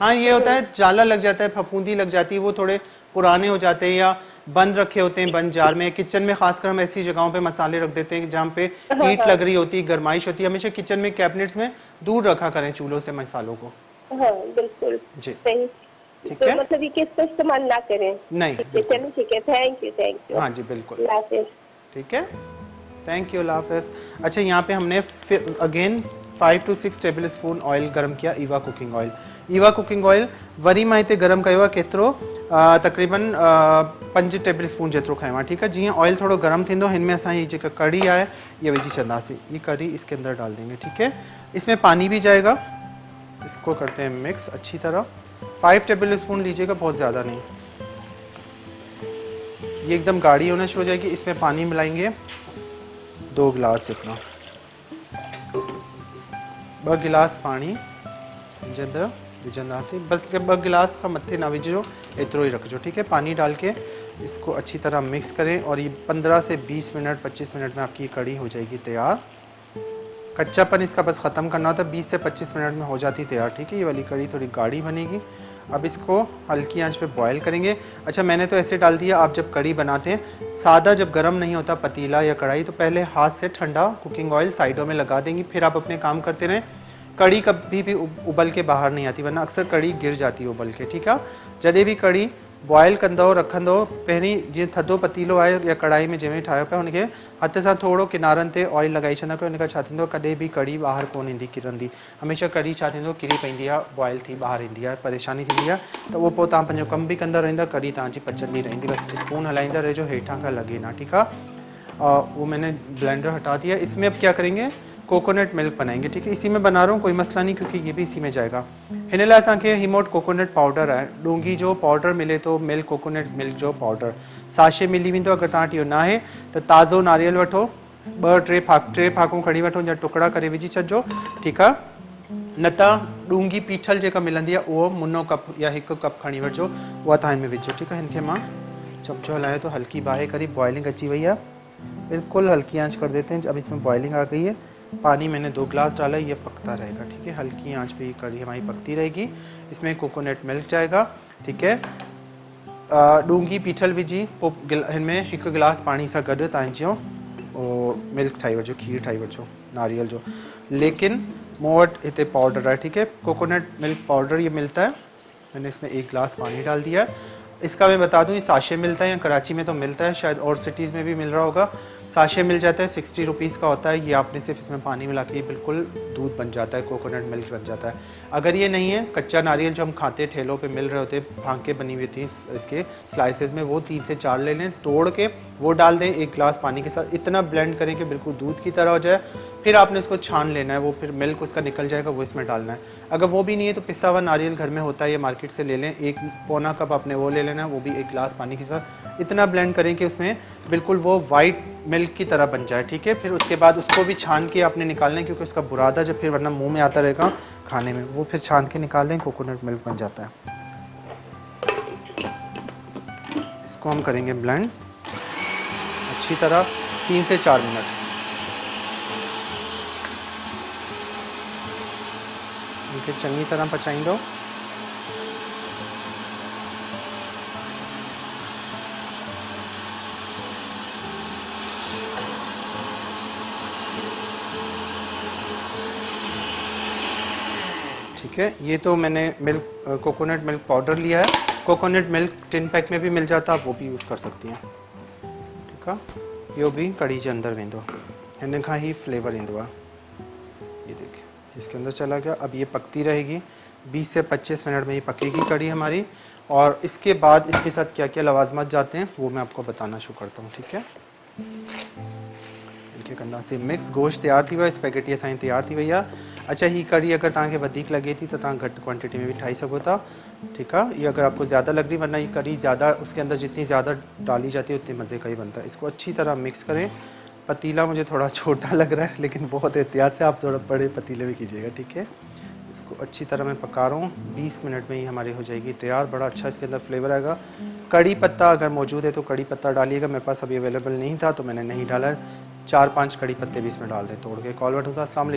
हाँ ये होता हम्म। है जाला लग जाता है फफूंदी लग जाती है वो थोड़े पुराने हो जाते हैं या बंद रखे होते हैं बंद जार में किचन में खासकर हम ऐसी जगहों पे मसाले रख देते हैं जहाँ पे हीट लग रही होती है गर्माइश होती है हमेशा किचन में कैबिनेट्स में दूर रखा करें चूल्हों से मसालों को हाँ बिल्कुल जी ठीक है तो मतलब ये इस्तेमाल ना करें नहीं ठीक है थैंक यू थैंक यू हाँ जी बिल्कुल ठीक है थैंक यू हाफिज अच्छा यहाँ पे हमने again five two six tablespoon oil गर्म किया Eva cooking oil Eva cooking oil वरी मैं इतने गरम किया आहे तक़रीबन पंज टेबल स्पून जो खाया ठीक है जी ऑइल थोड़ा गरम थींदो हिन में असां हीअ कड़ी है इहा विझी छासी ये कड़ी इसके अंदर डाल देंगे ठीक है इसमें पानी भी जाएगा इसको करते हैं मिक्स अच्छी तरह फाइव टेबल स्पून लीजिएगा बहुत ज़्यादा नहीं ये एकदम गाढ़ी होना शुरू हो जाएगी इसमें पानी मिलाएंगे दो गिलास जितना ब गिलास पानी जितना विझंदासीं बस ॿ गिलास खां मथे न विझिजो एतिरो ई रखिजो ठीक है पानी डाल के इसको अच्छी तरह मिक्स करें और ये 15 से 20 मिनट 25 मिनट में आपकी कड़ी हो जाएगी तैयार कच्चापन इसका बस ख़त्म करना होता है बीस से पच्चीस मिनट में हो जाती तैयार ठीक है ये वाली कड़ी थोड़ी गाढ़ी बनेगी अब इसको हल्की आंच पे बॉईल करेंगे अच्छा मैंने तो ऐसे डाल दिया आप जब कड़ी बनाते हैं सादा जब गर्म नहीं होता पतीला या कढ़ाई तो पहले हाथ से ठंडा कुकिंग ऑयल साइडों में लगा देंगी फिर आप अपने काम करते रहें कड़ी कभी भी उबल के बाहर नहीं आती वरना अक्सर कड़ी गिर जाती है उबल के ठीक है जॾहिं भी कड़ी बॉयल कौ रख पहिरीं जो थदो पतीलो है या कढ़ाई में जैमें ठाहियो पाया उनके हथ से थोरो किनारनि ऑयल लॻाए छॾंदा कयो छा कड़ी बाहर को किरंदी हमेशा कड़ी छा किरी पी बॉयल बॉइल थी बाहर इंदी है परेशानी थी तो त कम भी तव्हां पंहिंजो कंदा कड़ी तव्हांजी पचंदी रही बस स्पून हल्दा रहो हेठा का लगे ना ठीक है वो मैंने ब्लेंडर हटा दिया इसमें अब क्या करेंगे कोकोनट मिल्क बनाएंगे ठीक है इसी में बना रहा हूँ कोई मसला नहीं क्योंकि ये भी इसी में जाएगा हिन असांखे हिमोट कोकोनट पाउडर है डूंगी जो पाउडर मिले तो मिल्क कोकोनट मिल्क जो पाउडर साशे मिली वो तो अगर तुम इो ना तो ताज़ो नारियल वो ॿ टे फाक टे फाकू खड़ी वो या टुकड़ा कर वी छो ठीक न डूंगी पीठल जो मिली है उहो मुनो कप या एक कप खी वो वह तुम हिन में विझो ठीकु आहे हिन चमचो हलायो तो हल्की बाहे करी बॉइलिंग अची वही है बिल्कुल हल्की आंच कर देते हैं अब इसमें बॉइलिंग आ गई है पानी मैंने दो ग्लास डाला ये पकता रहेगा ठीक है हल्की आंच पे ये कड़ी हमारी पकती रहेगी इसमें कोकोनट मिल्क जाएगा ठीक है डूंगी पीठल विझी इनमें एक गिलास पानी गिलास गड सां और मिल्क ठाई वजो खीर ठाई वजो नारियल जो लेकिन मोट इतने पाउडर है ठीक है कोकोनट मिल्क पाउडर ये मिलता है मैंने इसमें एक गिलास पानी डाल दिया है इसका मैं बता दूं ये साशे मिलता है या कराची में तो मिलता है शायद और सिटीज़ में भी मिल रहा होगा साशे मिल जाता है सिक्सटी रुपीज़ का होता है ये आपने सिर्फ इसमें पानी मिला के बिल्कुल दूध बन जाता है कोकोनट मिल्क बन जाता है अगर ये नहीं है कच्चा नारियल जो हम खाते ठेलों पे मिल रहे होते हैं भांके बनी हुई थी इसके स्लाइसेस में वो तीन से चार ले लें तोड़ के वो डाल दें एक गिलास पानी के साथ इतना ब्लेंड करें कि बिल्कुल दूध की तरह हो जाए फिर आपने इसको छान लेना है वो फिर मिल्क उसका निकल जाएगा वो इसमें डालना है अगर वो भी नहीं है तो पिस्सा हुआ नारियल घर में होता है ये मार्केट से ले लें एक पौना कप आपने वो ले लेना है वो भी एक गिलास पानी के साथ इतना ब्लेंड करें कि उसमें बिल्कुल वो वाइट मिल्क की तरह बन जाए ठीक है फिर उसके बाद उसको भी छान के आपने निकालना है क्योंकि उसका बुरादा जब फिर वरना मुंह में आता रहेगा खाने में वो फिर छान के निकाल लें कोकोनट मिल्क बन जाता है इसको हम करेंगे ब्लेंड अच्छी तरह तीन से चार मिनट इनके चंगी तरह पचाई दो है ये तो मैंने मिल्क कोकोनट मिल्क पाउडर लिया है कोकोनट मिल्क टिन पैक में भी मिल जाता है आप वो भी यूज़ कर सकती हैं ठीक है यो भी कढ़ी के अंदर वेंदो इन का ही फ्लेवर ईंदो ये देखिए इसके अंदर चला गया अब ये पकती रहेगी 20 से 25 मिनट में ये पकेगी कड़ी हमारी और इसके बाद इसके साथ क्या क्या लवाजमत जाते हैं वो मैं आपको बताना शुरू करता हूँ ठीक है कंधा से मिक्स गोश्त तैयार थी भाई आहे स्पेगेटी असांजी तैयार थी भैया अच्छा ही कड़ी अगर तक लगे थी तो घट घटि क्वांटिटी में भी ठाई सको था ठीक है ये अगर आपको ज़्यादा लग रही वरना ये कड़ी ज़्यादा उसके अंदर जितनी ज़्यादा डाली जाती है उतनी मज़े का ही बनता है इसको अच्छी तरह मिक्स करें पतीला मुझे थोड़ा छोटा लग रहा है लेकिन बहुत एहतियात से आप थोड़ा बड़े पतीले में कीजिएगा ठीक है इसको अच्छी तरह मैं पका रहा हूँ बीस मिनट में ही हमारी हो जाएगी तैयार बड़ा अच्छा इसके अंदर फ्लेवर आएगा कड़ी पत्ता अगर मौजूद है तो कड़ी पत्ता डालिएगा मेरे पास अभी अवेलेबल नहीं था तो मैंने नहीं डाला चार पाँच कड़ी पत्ते भी इसमें डाल दें तोड़ के कॉल बैठा था असलम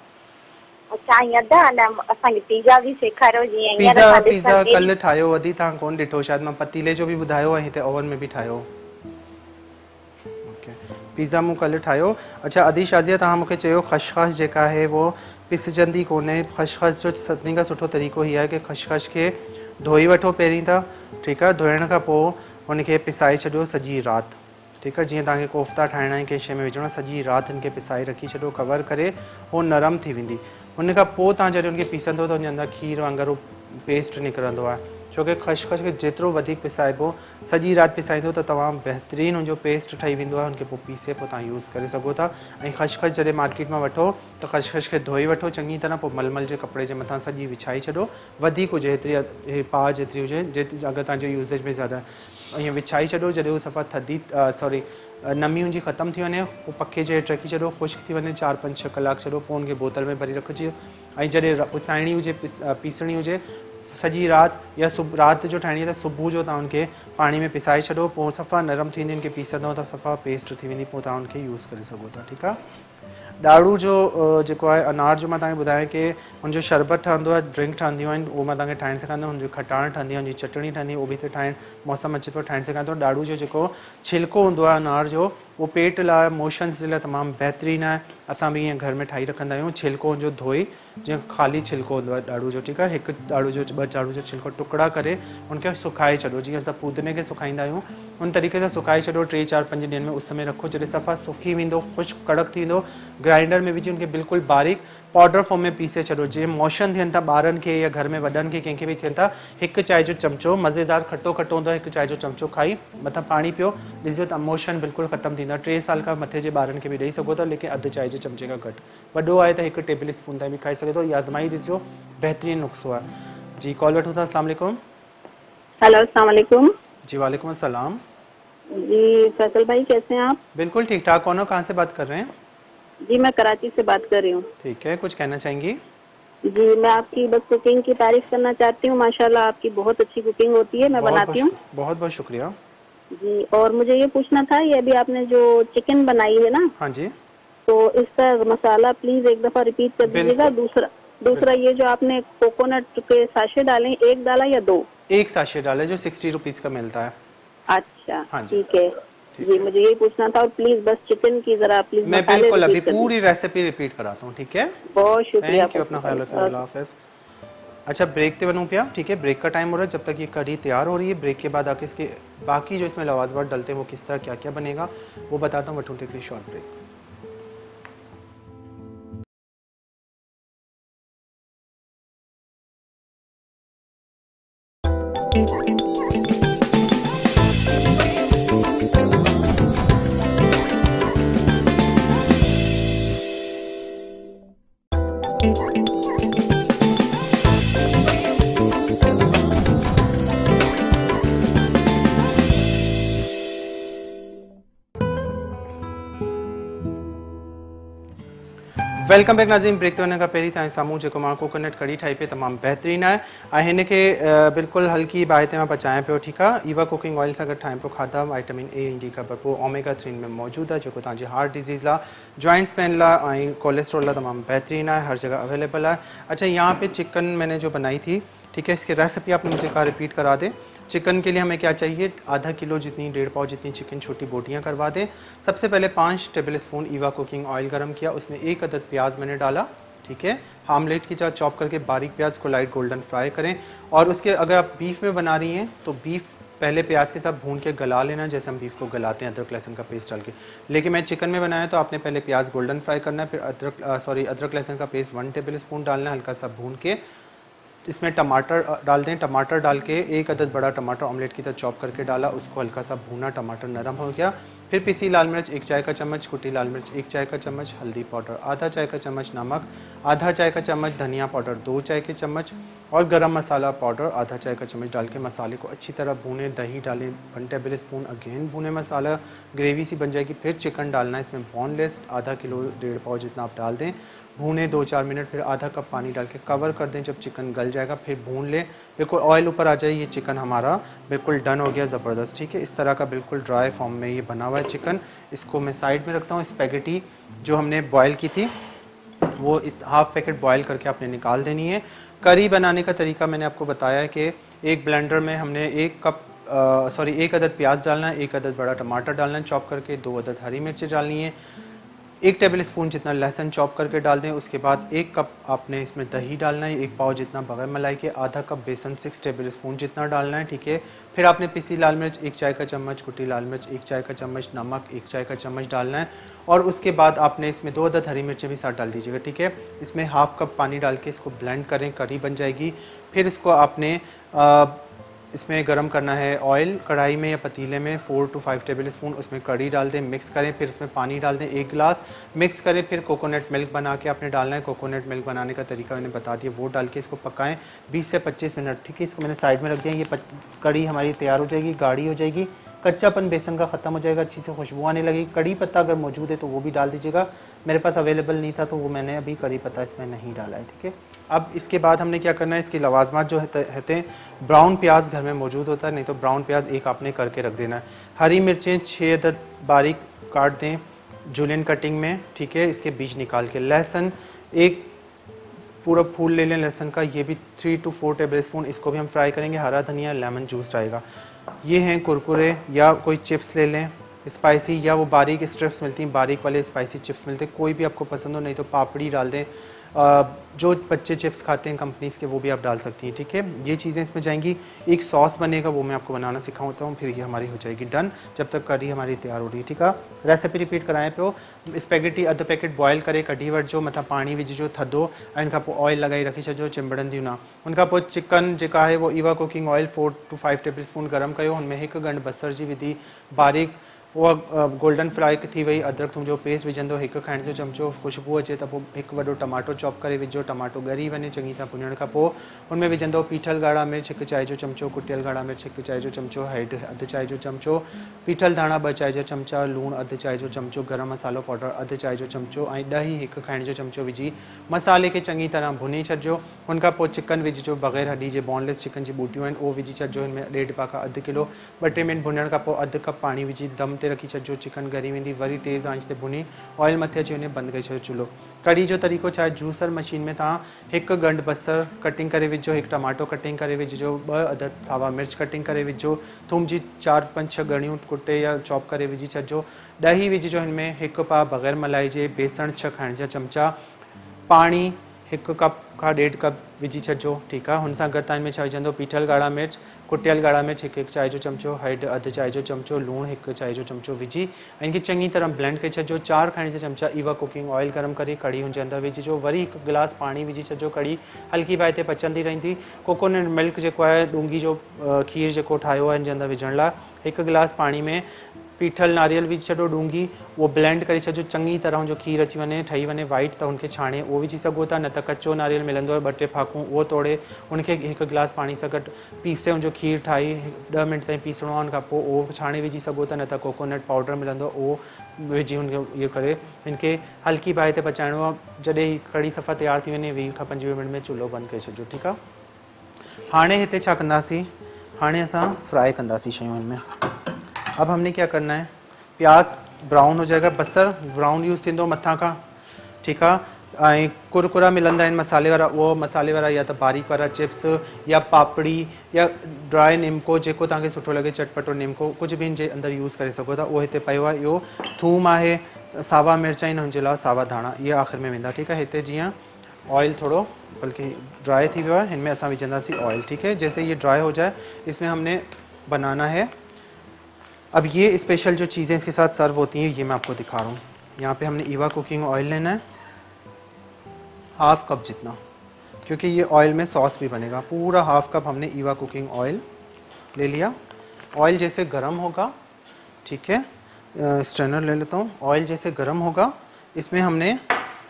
पिज़ा पिज़ा कल्ह ठाहियो अधी तव्हां कोन्ह ॾिठो शायदि मां पतीले जो बि ॿुधायो ऐं हिते ओवन में बि ठाहियो पिज़ा मूं कल्ह ठाहियो अच्छा अदीश आज़िया तव्हां मूंखे चयो ख्शखस जेका आहे उहो पिसजंदी कोन्हे जो सभिनी खां सुठो तरीक़ो आहे की खे धोई वठो पहिरीं त ठीकु आहे धोइण खां पोइ हुनखे पिसाए छॾियो सॼी राति ठीकु आहे जीअं तव्हांखे कोफ्ता ठाहिणा कंहिं शइ में विझणो सॼी राति पिसाए रखी छॾियो कवर करे नरम थी वेंदी हुन खां पोइ तव्हां जॾहिं हुनखे पीसंदो त हुन जे अंदरि खीर वांगुरु उहो पेस्ट निकिरंदो आहे छोकी खश्खस खे जेतिरो वधीक पिसाइबो सॼी राति पिसाईंदो त तमामु बहितरीनु हुनजो पेस्ट ठही वेंदो आहे हुनखे पोइ पीसे पोइ तव्हां करे सघो था ऐं खश्खस जॾहिं मार्केट मां वठो त खश्खस खे धोई वठो चङी तरह पोइ मलमल जे कपिड़े जे मथां सॼी विछाई छॾो वधीक हुजे हेतिरी पाव जेतिरी हुजे जेतिरी अगरि तव्हांजो यूज़ेज में ज़्यादा ईअं छॾो नमी उनकी ख़त्म थी वे पोइ पखे हेठि रखी छोड़ो ख़ुश्क थी वञे चारि पंज छह कलाक छोड़ो फोन के बोतल में भरी रखी ऐं जॾहिं उताइणी हुजे पीसणी हुए सजी रात या सुबह रात जो ठाणी है तो सुबह जो तुम उनके पानी में पिसाई छोड़ो सफ़ा नरम थी हिनखे पीसद त तो सफ़ा पेस्ट थी वही तुम तव्हां यूज़ कर सघो ठीक है ॾाढ़ू जो जेको आहे अनार जो मां तव्हांखे ॿुधायां की हुन शरबत ठहंदो आहे ड्रिंक ठहंदियूं आहिनि उहो मां तव्हांखे ठाहे सघां हुनजी खटाण ठहंदी आहे हुन चटणी ठहंदी उहो बि हिते ठाहिण मौसमु अची थो ठाहे सघां थो ॾाढ़ू जो जेको छिल्को हूंदो आहे अनार जो उहो पेट लाइ मोशंस जे लाइ तमामु बहितरीनु आहे असां बि ईअं घर में ठाहे रखंदा आहियूं छिलको जो धोई जीअं ख़ाली छिलको हूंदो आहे ॾाड़ू जो ठीकु आहे हिकु ॾाड़ू जो ॿ झाड़ू जो छिलको टुकड़ा करे हुनखे सुकाए छॾो जीअं असां पूदने खे सुखाईंदा आहियूं हुन तरीक़े सां सुखाए छॾो टे चारि पंज ॾींहंनि में उस में रखो जॾहिं सफ़ा सुकी वेंदो ख़ुशि कड़क थी ग्राइंडर में विझी हुनखे बिल्कुलु बारीक़ पाउडर फॉर्म में पीसे छॾियो जो मोशन थियन था बार या घर में वन खे कंहिंखे बि थियनि था एक चाय जो चमचो मज़ेदार खट्टो खट्टो हों एक चाय जो चमचो खाई मत पानी पियो ॾिसजो तो मोशन बिल्कुल खत्म थी टे साल का मथे के बार भी बि ॾेई सघो लेकिन अद चाय के चमचे का घट वो आए तो एक टेबल स्पून ताईं भी खाई सघे थो आज़माई ॾिसजो बेहतरीन नुस्ख़ो है जी कॉल वो था असलम हेलो असलम जी वालेकुम असलम जी फैसल भाई कैसे हैं आप बिल्कुल ठीक ठाक कौन हो कहाँ से बात कर रहे हैं जी मैं कराची से बात कर रही हूँ ठीक है कुछ कहना चाहेंगी जी मैं आपकी बस कुकिंग की तारीफ करना चाहती हूँ माशाल्लाह आपकी बहुत अच्छी कुकिंग होती है मैं बनाती हूँ बहुत बहुत शुक्रिया जी और मुझे ये पूछना था ये अभी आपने जो चिकन बनाई है ना हाँ जी तो इसका मसाला प्लीज एक दफा रिपीट कर दीजिएगा दूसरा दूसरा ये जो आपने कोकोनट के साशे डाले एक डाला या दो एक साशे डाले जो सिक्सटी रुपीज का मिलता है अच्छा हाँ ठीक है जी मुझे यही पूछना था और प्लीज बस चिकन की जरा प्लीज मैं बिल्कुल अभी पूरी रेसिपी रिपीट कराता हूँ ठीक है बहुत शुक्रिया अपना ख्याल रखना अच्छा ब्रेक तो बनूँ पिया ठीक है ब्रेक का टाइम हो रहा है जब तक ये कढ़ी तैयार हो रही है ब्रेक के बाद आके इसके बाकी जो इसमें लवाजबात डलते हैं वो किस तरह क्या क्या बनेगा वो बताता हूँ बटूटे के लिए short break welcome back Nazim break तो का खां पहिरीं तव्हां जो मैं कोकोनट कड़ी ठाई पे तमाम बेहतरीन है ऐं हिन हल्की बाहि में पचाया पचायां ठीक है ईवा कुकिंग ऑयल से गॾु ठाहियां खादा खाधा वाइटामिन ए ऐं डी भरपूर ओमेगा थ्रीन में मौजूद है जो तव्हांजी हार्ट डिज़ीज़ ला जॉइंट्स पेन ला ऐं कोलेस्ट्रॉल लाइ तमामु बहितरीनु हर जगह अवेलेबल है अच्छा यहाँ पे चिकन मैंने जो बनाई थी ठीक है इसकी रेसिपी आपने मुझे कहा रिपीट करा दें चिकन के लिए हमें क्या चाहिए आधा किलो जितनी डेढ़ पाव जितनी चिकन छोटी बोटियाँ करवा दें सबसे पहले पाँच tablespoon Eva cooking oil गर्म किया उसमें एक अदद प्याज मैंने डाला ठीक है आमलेट की जगह चॉप करके बारीक प्याज को लाइट गोल्डन फ्राई करें और उसके अगर आप बीफ में बना रही हैं तो बीफ पहले प्याज के साथ भून के गला लेना जैसे हम बीफ को गलाते हैं अदरक लहसुन का पेस्ट डाल के लेकिन मैं चिकन में बनाया तो आपने पहले प्याज गोल्डन फ्राई करना है फिर अदरक सॉरी अदरक लहसुन का पेस्ट वन टेबल स्पून डालना है हल्का सा भून के इसमें टमाटर डाल दें टमाटर डाल के एक अदद बड़ा टमाटर ऑमलेट की तरह चॉप करके डाला उसको हल्का सा भूना टमाटर नरम हो गया फिर पीसी लाल मिर्च एक चाय का चम्मच कुटी लाल मिर्च एक चाय का चम्मच हल्दी पाउडर आधा चाय का चम्मच नमक आधा चाय का चम्मच धनिया पाउडर दो चाय के चम्मच और गरम मसाला पाउडर आधा चाय का चम्मच डाल के मसाले को अच्छी तरह भूने दही डालें वन टेबल स्पून अगेन भूने मसाला ग्रेवी सी बन जाएगी फिर चिकन डालना इसमें बोनलेस आधा किलो डेढ़ पाव जितना आप डाल दें भूने दो चार मिनट फिर आधा कप पानी डाल के कवर कर दें जब चिकन गल जाएगा फिर भून लें बिल्कुल ऑयल ऊपर आ जाए ये चिकन हमारा बिल्कुल डन हो गया ज़बरदस्त ठीक है इस तरह का बिल्कुल ड्राई फॉर्म में ये बना हुआ है चिकन इसको मैं साइड में रखता हूँ स्पेगेटी जो हमने बॉयल की थी वो इस हाफ़ पैकेट बॉयल करके आपने निकाल देनी है करी बनाने का तरीका मैंने आपको बताया कि एक ब्लेंडर में हमने एक कप सॉरी एक अदद प्याज डालना है एक अदद बड़ा टमाटर डालना है चॉप करके दो अदद हरी मिर्ची डालनी है एक टेबल स्पून जितना लहसुन चॉप करके डाल दें उसके बाद एक कप आपने इसमें दही डालना है एक पाव जितना बगैर मलाई के आधा कप बेसन सिक्स टेबल स्पून जितना डालना है ठीक है फिर आपने पिसी लाल मिर्च एक चाय का चम्मच कुटी लाल मिर्च एक चाय का चम्मच नमक एक चाय का चम्मच डालना है और उसके बाद आपने इसमें दो अदद हरी मिर्चें भी साथ डाल दीजिएगा ठीक है इसमें हाफ कप पानी डाल के इसको ब्लेंड करें करी बन जाएगी फिर इसको आपने आ, इसमें गर्म करना है ऑयल कढ़ाई में या पतीले में four to five tablespoon उसमें कड़ी डाल दें मिक्स करें फिर उसमें पानी डाल दें एक गिलास मिक्स करें फिर कोकोनट मिल्क बना के आपने डालना है कोकोनट मिल्क बनाने का तरीका मैंने बता दिया वो डाल के इसको पकाएं बीस से पच्चीस मिनट ठीक है इसको मैंने साइड में रख दिया ये पच... कड़ी हमारी तैयार हो जाएगी गाढ़ी हो जाएगी कच्चापन बेसन का ख़त्म हो जाएगा अच्छी से खुशबू आने लगी कड़ी पत्ता अगर मौजूद है तो वो भी डाल दीजिएगा मेरे पास अवेलेबल नहीं था तो वो मैंने अभी कड़ी पत्ता इसमें नहीं डाला है ठीक है अब इसके बाद हमने क्या करना है इसकी लवाजमात जो रहते हैं ब्राउन प्याज घर में मौजूद होता है नहीं तो ब्राउन प्याज एक आपने करके रख देना है हरी मिर्चें छः अदद बारीक काट दें जुलियन कटिंग में ठीक है इसके बीज निकाल के लहसुन एक पूरा फूल ले लें लहसुन का ये भी three to four tablespoon इसको भी हम फ्राई करेंगे हरा धनिया लेमन जूस आएगा ये हैं कुरकुरे या कोई चिप्स ले लें स्पाइसी या वो बारीक स्ट्रिप्स मिलती हैं बारीक वाले स्पाइसी चिप्स मिलते हैं कोई भी आपको पसंद हो नहीं तो पापड़ी डाल दें जो बच्चे चिप्स खाते हैं कंपनीज के वो भी आप डाल सकती हैं ठीक है ये चीज़ें इसमें जाएंगी एक सॉस बनेगा वो मैं आपको बनाना सिखाऊता हूँ फिर ये हमारी हो जाएगी डन जब तक कढ़ी हमारी तैयार हो रही है ठीक है रेसिपी रिपीट कराएं पैकेट स्पेगेटी अर्ध पैकेट बॉयल करें कढ़ी वर्जो मत मतलब पानी विझिजो थधो थदो इनखां ऑयल लगाई रखी छोड़ो चिंबड़ंदियूं न ना उनका चिकन जो है वो Eva cooking oil four to five tablespoon गर्म कर उनमें एक ॻंढि बसर जी विधि बारीक उहा गोल्डन फ्राई थी वई अदरक थूम जो पेस्ट विझंदो एक खाण जो चमिचो ख़ुशबू अचे तो पोइ हिकु टमाटो चॉप कर विझो टमाटो ॻरी वे चङी तरह भुञण का पोइ हुनमें पीठल ॻाढ़ा मिर्च हिकु चांहि जो चमिचो कुटियल ॻाढ़ा मिर्च हिकु चाय जो चमिचो हेड अधु चांहि जो चमिचो पीठल धाणा ब चाय जा चमिचा लूणु अधु चांहि जो चमिचो गरम मसालो पाउडर अधु चांहि जो चमिचो ऐं ॾही हिकु खाइण जो चमिचो विझी मसाले के चङी तरह भुनी छॾिजो उन चिकन विझिजो बग़ैर हॾी जो बॉनलेस चिकन जी ॿूटियूं वो उहो विझी छॾिजो हिन में ॾेढ पाका अधु किलो ॿ टे मिंट भुञण खां कप पानी विझी दम ते रखी छॾिजो चिकन गरी वी वरी तेज़ आंच ते भुनी ऑयल मथे अची वञे बंदि करे छॾियो चुल्हो कढ़ी जो तरीक़ो छा जूसर मशीन में तव्हां एक गंढु बसर कटिंग करे विझो हिकु टमाटो कटिंग करे विझिजो ॿ सावा मिर्च कटिंग करे विझो थूम जी चार पंज छः ॻणियूं कुटे या चॉप कर वी छॾिजो ॾही विझिजो हिन में हिकु पाउ बग़ैर मलाई के बेसण छह खाइण जा पानी एक कप खां ॾेढ कप विझी छॾिजो ठीकु आहे हुन सां गॾु तव्हां में छा विझंदो पीठलु ॻाढ़ा मिर्च कुटियल ॻाढ़ा मिर्च हिकु हिकु चाइ जो चमिचो हेड अधु चाइ जो चमिचो लुणु हिकु चाइ जो चमिचो विझी हिन खे चङी तरह ब्लैंड करे छॾिजो चारि खाइण जा चमिचा इव कुकिंग ऑइल गरम करे कढ़ी हुनजे अंदरु विझिजो वरी हिकु गिलास पाणी विझी छॾिजो कढ़ी हल्की बाए ते पचंदी रहंदी कोकोनट मिल्क जेको आहे डूंगी जो खीरु जेको ठाहियो आहे हिन जे विझण लाइ हिकु गिलास पाणी में पीठल नारियल विझी छॾियो डूंगी उहो ब्लेंड करे छॾिजो चङी तरह हुनजो खीरु अची वञे ठही वञे वाइट त हुनखे छाणे उहो विझी सघो था न त कचो नारियल मिलंदो आहे ॿ टे फाकूं उहो तोड़े हुनखे हिकु गिलास पाणी सां गॾु पीसे हुनजो खीरु ठाहे ॾह मिंट ताईं पीसणो आहे हुन खां पोइ उहो छाणे विझी सघो था न त कोकोनट पाउडर मिलंदो आहे उहो विझी हुनखे इहो करे हिनखे हल्की बाए ते पचाइणो आहे जॾहिं कढ़ी सफ़ा तयारु थी वञे वीह खां पंजुवीह मिंट में चुल्हो बंदि करे छॾिजो ठीकु आहे हाणे हिते छा कंदासीं हाणे असां फ्राए कंदासीं शयुनि में अब हमने क्या करना है प्याज ब्राउन हो जाएगा बसर ब्राउन यूज़ थी मत का ठीक है कुरकुरा मिलंदा आहिनि मसाले वारा उहो मसाले वारा या त तो बारीक वारा चिप्स या पापड़ी या ड्राई निमको जेको तव्हांखे सुठो लॻे चटपटो निमको कुझु बि हिन अंदर अंदरि यूज़ करे सघो था उहो हिते पियो आहे इहो थूम आहे सावा मिर्च आहिनि हुनजे अलावा सावा धाणा इहे आख़िर में वेंदा ठीकु आहे हिते जीअं ऑयल हाँ, थोड़ो बल्कि ड्राई थी वियो है इनमें असा विझंदासी ऑयल ठीक है जैसे ये ड्राई हो जाए इसमें हमने बनाना है अब ये स्पेशल जो चीज़ें इसके साथ सर्व होती हैं ये मैं आपको दिखा रहा हूँ यहाँ पे हमने ईवा कुकिंग ऑयल लेना है हाफ कप जितना क्योंकि ये ऑयल में सॉस भी बनेगा पूरा हाफ कप हमने ईवा कुकिंग ऑयल ले लिया ऑयल जैसे गर्म होगा ठीक है स्ट्रेनर ले लेता हूँ ऑयल जैसे गर्म होगा इसमें हमने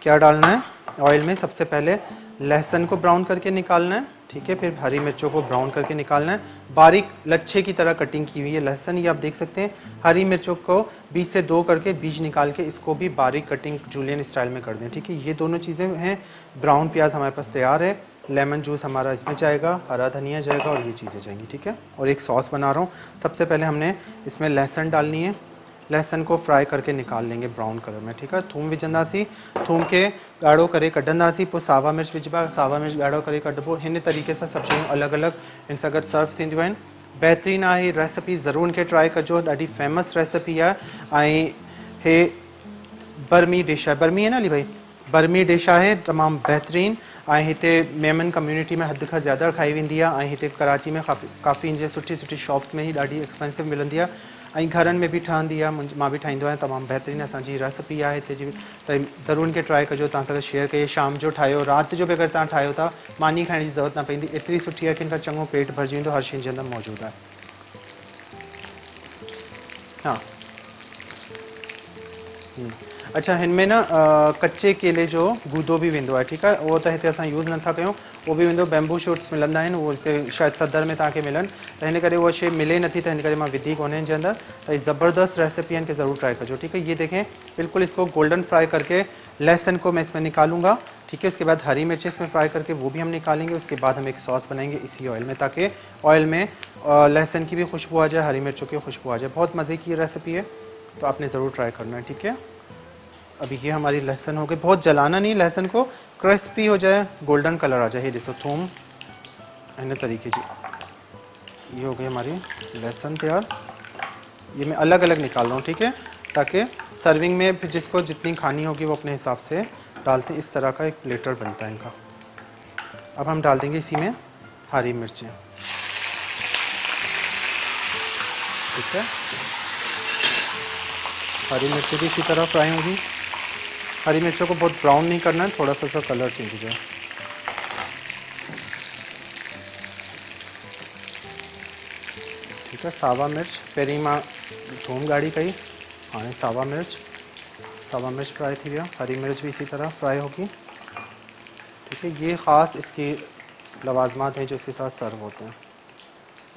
क्या डालना है ऑयल में सबसे पहले लहसन को ब्राउन करके निकालना है ठीक है फिर हरी मिर्चों को ब्राउन करके निकालना है बारीक लच्छे की तरह कटिंग की हुई है लहसन ये आप देख सकते हैं हरी मिर्चों को बीज से दो करके बीज निकाल के इसको भी बारीक कटिंग जूलियन स्टाइल में कर दें ठीक है ये दोनों चीज़ें हैं ब्राउन प्याज हमारे पास तैयार है लेमन जूस हमारा इसमें जाएगा हरा धनिया जाएगा और ये चीज़ें जाएंगी ठीक है और एक सॉस बना रहा हूँ सबसे पहले हमने इसमें लहसन डालनी है लहसन को फ्राई करके निकाल लेंगे ब्राउन कलर में ठीक है थूम विझंदासीं थूम के गाढ़ो करे कढंदासीं सावा मिर्च विझबा सावा मिर्च गाढ़ो करे कढिबो इन तरीक़े से सब शयूं अलग अलग इन सा गुड सर्व थींदियूं बेहतरीन आ रेसिपी जरूर इनके ट्राई कजो ढी फेमस रेसिपी है ऐं हे बर्मी डिश है बर्मी है ना अली भाई बर्मी डिश है तमाम बेहतरीन इतने मेमन कम्युनिटी में हद का ज़्यादा खाई वी इतने कराची में काफ़ी काफ़ी हिन सुी सुठी सुठी शॉप्स में ही ढी एक्सपेंसिव मिली है ऐं घरनि में भी ठहंदी आहे मुंहिंजी मां बि ठाहींदो आहियां तमामु बहितरीनु रेसिपी है हिते जी त ज़रूरु हिनखे ट्राए कजो तव्हां सां गॾु शेयर कयो शाम जो ठाहियो राति जो बि अगरि तव्हां ठाहियो था मानी खाने की ज़रूरत न पवंदी एतरी सुठी है कि हिन खां पेट भरिजी वेंदो हर शइ जे अंदरि मौजूदु आहे हा हम्म। अच्छा इन में न कच्चे केले जो गुदो भी वेंदो है ठीक है वो तो इतने अस यूज़ ना क्यों वो भी वेंदो बैम्बू शूट्स मिलंदा वो शायद सदर में तक मिलन तो इन करे उहा मिले नथी तो इन करे मां विधी कोन्हे जे ज़बरदस्त रेसिपी इनके ज़रूर ट्राई कजो ठीक है ये देखें बिल्कुल इसको गोल्डन फ्राई करके लहसन को मैं इसमें निकालूंगा ठीक है उसके बाद हरी मिर्च इसमें फ्राई करके वो भी हम निकालेंगे उसके बाद हम एक सॉस बनाएंगे इसी ऑयल में ताकि ऑयल में लहसन की भी खुशबू आ जाए हरी मिर्चों की खुशबू आ जाए बहुत मज़े की रेसिपी है तो आपने ज़रूर ट्राई करना है ठीक है अभी ये हमारी लहसन हो गई बहुत जलाना नहीं लहसन को क्रिस्पी हो जाए गोल्डन कलर आ जाए ये जैसे थूम इन तरीके की ये हो गई हमारी लहसन तैयार ये मैं अलग अलग निकाल रहा हूँ ठीक है ताकि सर्विंग में फिर जिसको जितनी खानी होगी वो अपने हिसाब से डालते इस तरह का एक प्लेटर बनता है इनका अब हम डाल देंगे इसी में हरी मिर्चें ठीक है हरी मिर्ची भी इसी तरह फ्राई होगी हरी मिर्चों को बहुत ब्राउन नहीं करना है थोड़ा सा उसका कलर चेंज हो जाए ठीक है सावा मिर्च पहले माँ थूम गाड़ी कही हाँ सावा मिर्च सावा मिर्च फ्राई थी गया हरी मिर्च भी इसी तरह फ्राई होगी ठीक है ये ख़ास इसकी लवाजमात हैं जो इसके साथ सर्व होते हैं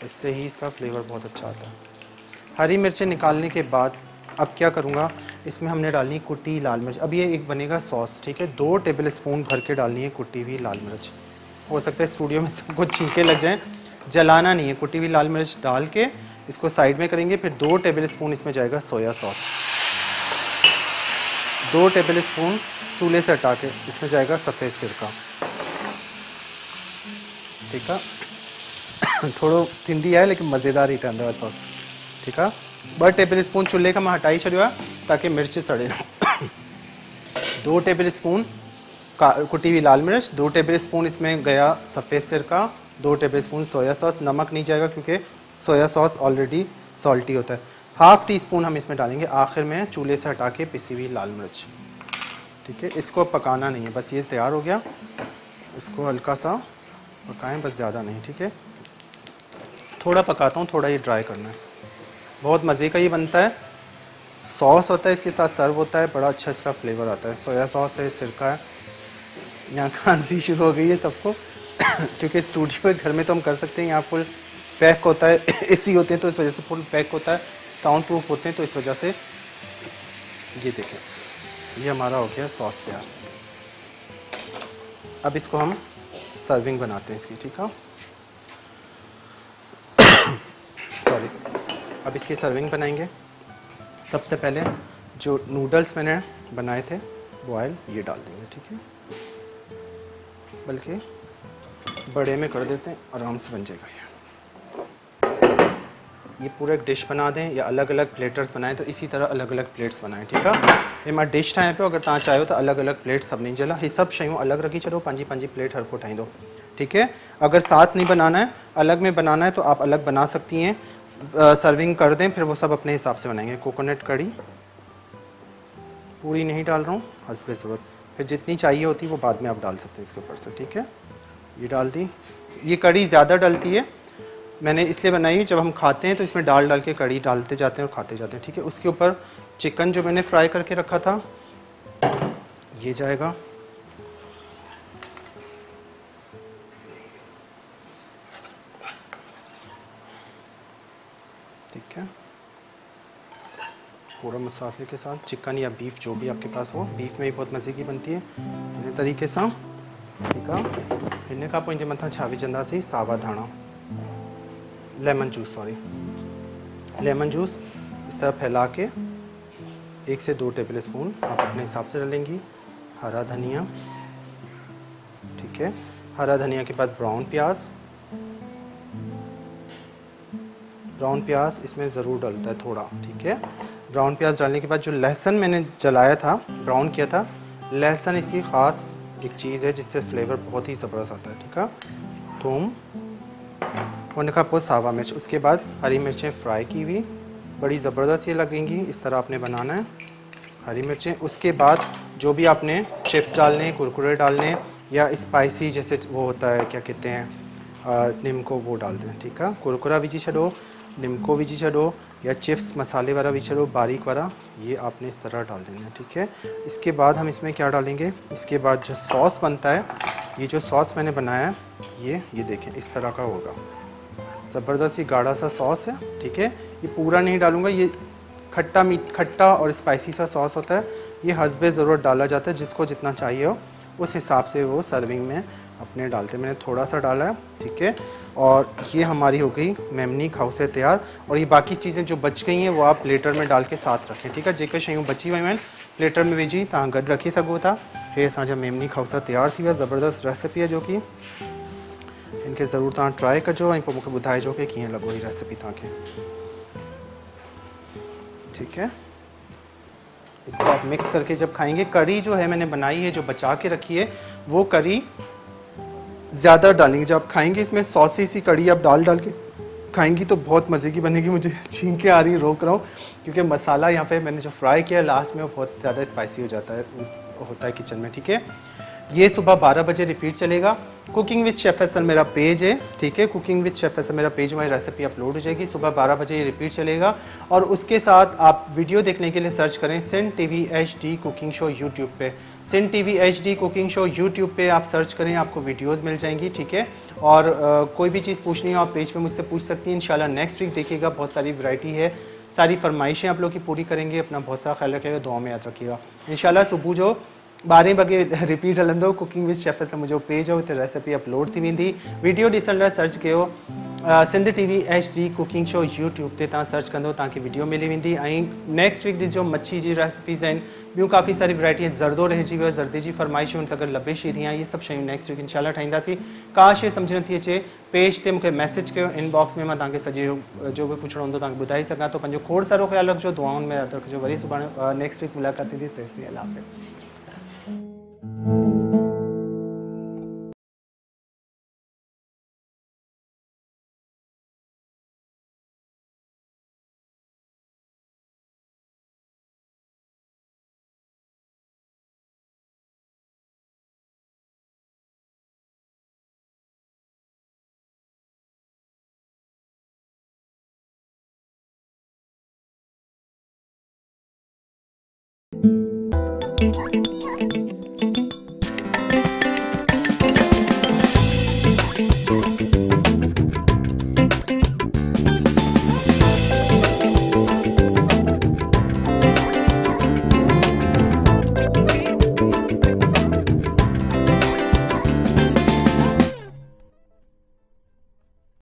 इससे ही इसका फ्लेवर बहुत अच्छा आता है हरी मिर्चें निकालने के बाद अब क्या करूँगा इसमें हमने डालनी है कुटी लाल मिर्च अब ये एक बनेगा सॉस ठीक है दो टेबल स्पून भर के डालनी है कुटी हुई लाल मिर्च हो सकता है स्टूडियो में सबको छीके लग जाए जलाना नहीं है कुटी हुई लाल मिर्च डाल के इसको साइड में करेंगे फिर दो टेबल स्पून इसमें जाएगा सोया सॉस दो टेबल स्पून चूल्हे से हटा के इसमें जाएगा सफ़ेद सिरका ठीक है थोड़ा थिंदी है लेकिन मज़ेदार ही है सॉस ठीक है ॿ टेबल स्पून चुल्हे का मैं हटाई छॾियो ताकि मिर्च सड़े ना दो टेबल स्पून का कुटी हुई लाल मिर्च दो टेबल स्पून इसमें गया सफ़ेद सिरका दो टेबल स्पून सोया सॉस नमक नहीं जाएगा क्योंकि सोया सॉस ऑलरेडी सॉल्टी होता है हाफ टी स्पून हम इसमें डालेंगे आखिर में चूल्हे से हटा के पिसी हुई लाल मिर्च ठीक है इसको पकाना नहीं है बस ये तैयार हो गया इसको हल्का सा पकाएं बस ज़्यादा नहीं ठीक है थोड़ा पकाता हूँ थोड़ा ये ड्राई करना है बहुत मज़े का ही बनता है सॉस होता है इसके साथ सर्व होता है बड़ा अच्छा इसका फ्लेवर आता है सोया सॉस है सिरका है यहाँ खांसी शुरू हो गई है सबको क्योंकि स्टूडियो घर में तो हम कर सकते हैं यहाँ फुल पैक होता है ए होते हैं तो इस वजह से फुल पैक होता है साउंड प्रूफ होते हैं तो इस वजह से ये देखें ये हमारा हो गया सॉस तैयार अब इसको हम सर्विंग बनाते हैं इसकी ठीक है सॉरी अब इसकी सर्विंग बनाएंगे सबसे पहले जो नूडल्स मैंने बनाए थे बॉयल ये डाल देंगे ठीक है बल्कि बड़े में कर देते हैं आराम से बन जाएगा ये ये पूरा एक डिश बना दें या अलग अलग प्लेटर्स बनाएं तो इसी तरह अलग अलग प्लेट्स बनाएं ठीक है ये मैं डिश ठाहियां पे अगर तुम चाहो तो अलग अलग प्लेट सब नहीं जला ये सब शयों अलग रखी चलो पाँची पाँची प्लेट हर को ठाई दो ठीक है अगर साथ नहीं बनाना है अलग में बनाना है तो आप अलग बना सकती हैं सर्विंग कर दें फिर वो सब अपने हिसाब से बनाएंगे कोकोनट कड़ी पूरी नहीं डाल रहा हूँ हंसब ज़रूरत फिर जितनी चाहिए होती वो बाद में आप डाल सकते हैं इसके ऊपर से ठीक है ये डाल दी ये कड़ी ज़्यादा डलती है मैंने इसलिए बनाई जब हम खाते हैं तो इसमें डाल डाल के कड़ी डालते जाते हैं और खाते जाते हैं ठीक है उसके ऊपर चिकन जो मैंने फ्राई करके रखा था ये जाएगा पूरा मसाले के साथ चिकन या बीफ जो भी आपके पास हो बीफ में भी बहुत मज़े की बनती है इन तरीक़े से ठीक है हिन का पोइ मत छावी चंदा सी सावा धाना lemon juice sorry lemon juice इस तरह फैला के एक से दो टेबल स्पून आप अपने हिसाब से डालेंगी हरा धनिया ठीक है हरा धनिया के बाद ब्राउन प्याज ब्राउन प्याज इसमें ज़रूर डलता है थोड़ा ठीक है ब्राउन प्याज डालने के बाद जो लहसुन मैंने जलाया था ब्राउन किया था लहसुन इसकी ख़ास एक चीज़ है जिससे फ्लेवर बहुत ही ज़बरदस्त आता है ठीक है थूम और निका सावा मिर्च उसके बाद हरी मिर्चें फ्राई की हुई बड़ी ज़बरदस्त ये लगेंगी इस तरह आपने बनाना है हरी मिर्चें उसके बाद जो भी आपने चिप्स डालने कुरकुरे डालने या स्पाइसी जैसे वो होता है क्या कहते हैं निम्को वो डाल दें ठीक है कुरकुरा विजी छो निम्को विजी छो या चिप्स मसाले वाला भी चलो बारीक वाला ये आपने इस तरह डाल देना है ठीक है इसके बाद हम इसमें क्या डालेंगे इसके बाद जो सॉस बनता है ये जो सॉस मैंने बनाया है ये ये देखें इस तरह का होगा ज़बरदस्त ये गाढ़ा सा सॉस है ठीक है ये पूरा नहीं डालूँगा ये खट्टा मीट खट्टा और स्पाइसी सा सॉस होता है ये हसबे ज़रूरत डाला जाता है जिसको जितना चाहिए हो उस हिसाब से वो सर्विंग में अपने डालते मैंने थोड़ा सा डाला है ठीक है और ये हमारी हो गई मेमनी खाउ से तैयार और ये बाकी चीज़ें जो बच गई हैं वो आप प्लेटर में डाल के साथ रखें ठीक है जेके शयूं बची हुई आहिनि प्लेटर में विझी तव्हां गड रखी सको था हे असा मेमनी खाउसा तैयार थी ज़बरदस्त रेसिपी जो कि इनके ज़रूर तुम ट्राई कजो ऐं पोइ बुधाए कि की कीअं लॻो रेसिपी तक ठीक है इसको आप मिक्स करके जब खाएंगे कड़ी जो है मैंने बनाई है जो बचा के रखी है वो करी ज़्यादा डालेंगे जब आप खाएंगे इसमें सॉसी सी कड़ी आप डाल डाल के खाएंगी तो बहुत मज़े की बनेगी मुझे के आ रही रोक रहा हूँ क्योंकि मसाला यहाँ पे मैंने जो फ्राई किया लास्ट में वो बहुत ज़्यादा स्पाइसी हो जाता है होता है किचन में ठीक है ये सुबह 12 बजे रिपीट चलेगा कुकिंग विद शेफ़ असल मेरा पेज है ठीक है कुकिंग विद शेफ़ असल मेरा पेज हमारी रेसिपी अपलोड हो जाएगी सुबह 12 बजे ये रिपीट चलेगा और उसके साथ आप वीडियो देखने के लिए सर्च करें सेंट T V H D cooking show YouTube पर सिन T V H D cooking show YouTube पे आप सर्च करें आपको वीडियोस मिल जाएंगी ठीक है और आ, कोई भी चीज़ पूछनी हो आप पेज पे मुझसे पूछ सकती हैं शाला नेक्स्ट वीक देखिएगा बहुत सारी वैरायटी है सारी फरमाइशें आप लोग की पूरी करेंगे अपना बहुत सारा ख्याल रखेगा दुआ में याद रखिएगा शाला सुबह जो बारह बजे रिपीट हलंदो कुकिंग विद शेफ़ सां पेज हो हुते रेसिपी अपलोड थी वेंदी वीडियो ॾिसण लाइ सर्च कयो Sindh T V H G cooking show YouTube ते तव्हां सर्च कंदो तव्हांखे वीडियो मिली वेंदी ऐं नेक्स्ट वीक ॾिसजो मच्छी जी रेसिपीस आहिनि ॿियूं काफ़ी सारी वैरायटी ज़रदो रहिजी वियो आहे ज़रदी जी फरमाइशूं हुन सां थी आहे इहे सभु नेक्स्ट वीक इनशा ठाहींदासीं का शइ सम्झ नथी अचे पेज ते मूंखे मैसेज कयो इनबॉक्स में मां तव्हांखे जो बि पुछणो हूंदो तव्हांखे ॿुधाए खोड़ सारो ख़्यालु रखिजो दुआनि में रखिजो वरी सुभाणे नेक्स्ट वीक मुलाक़ात थींदी तेसी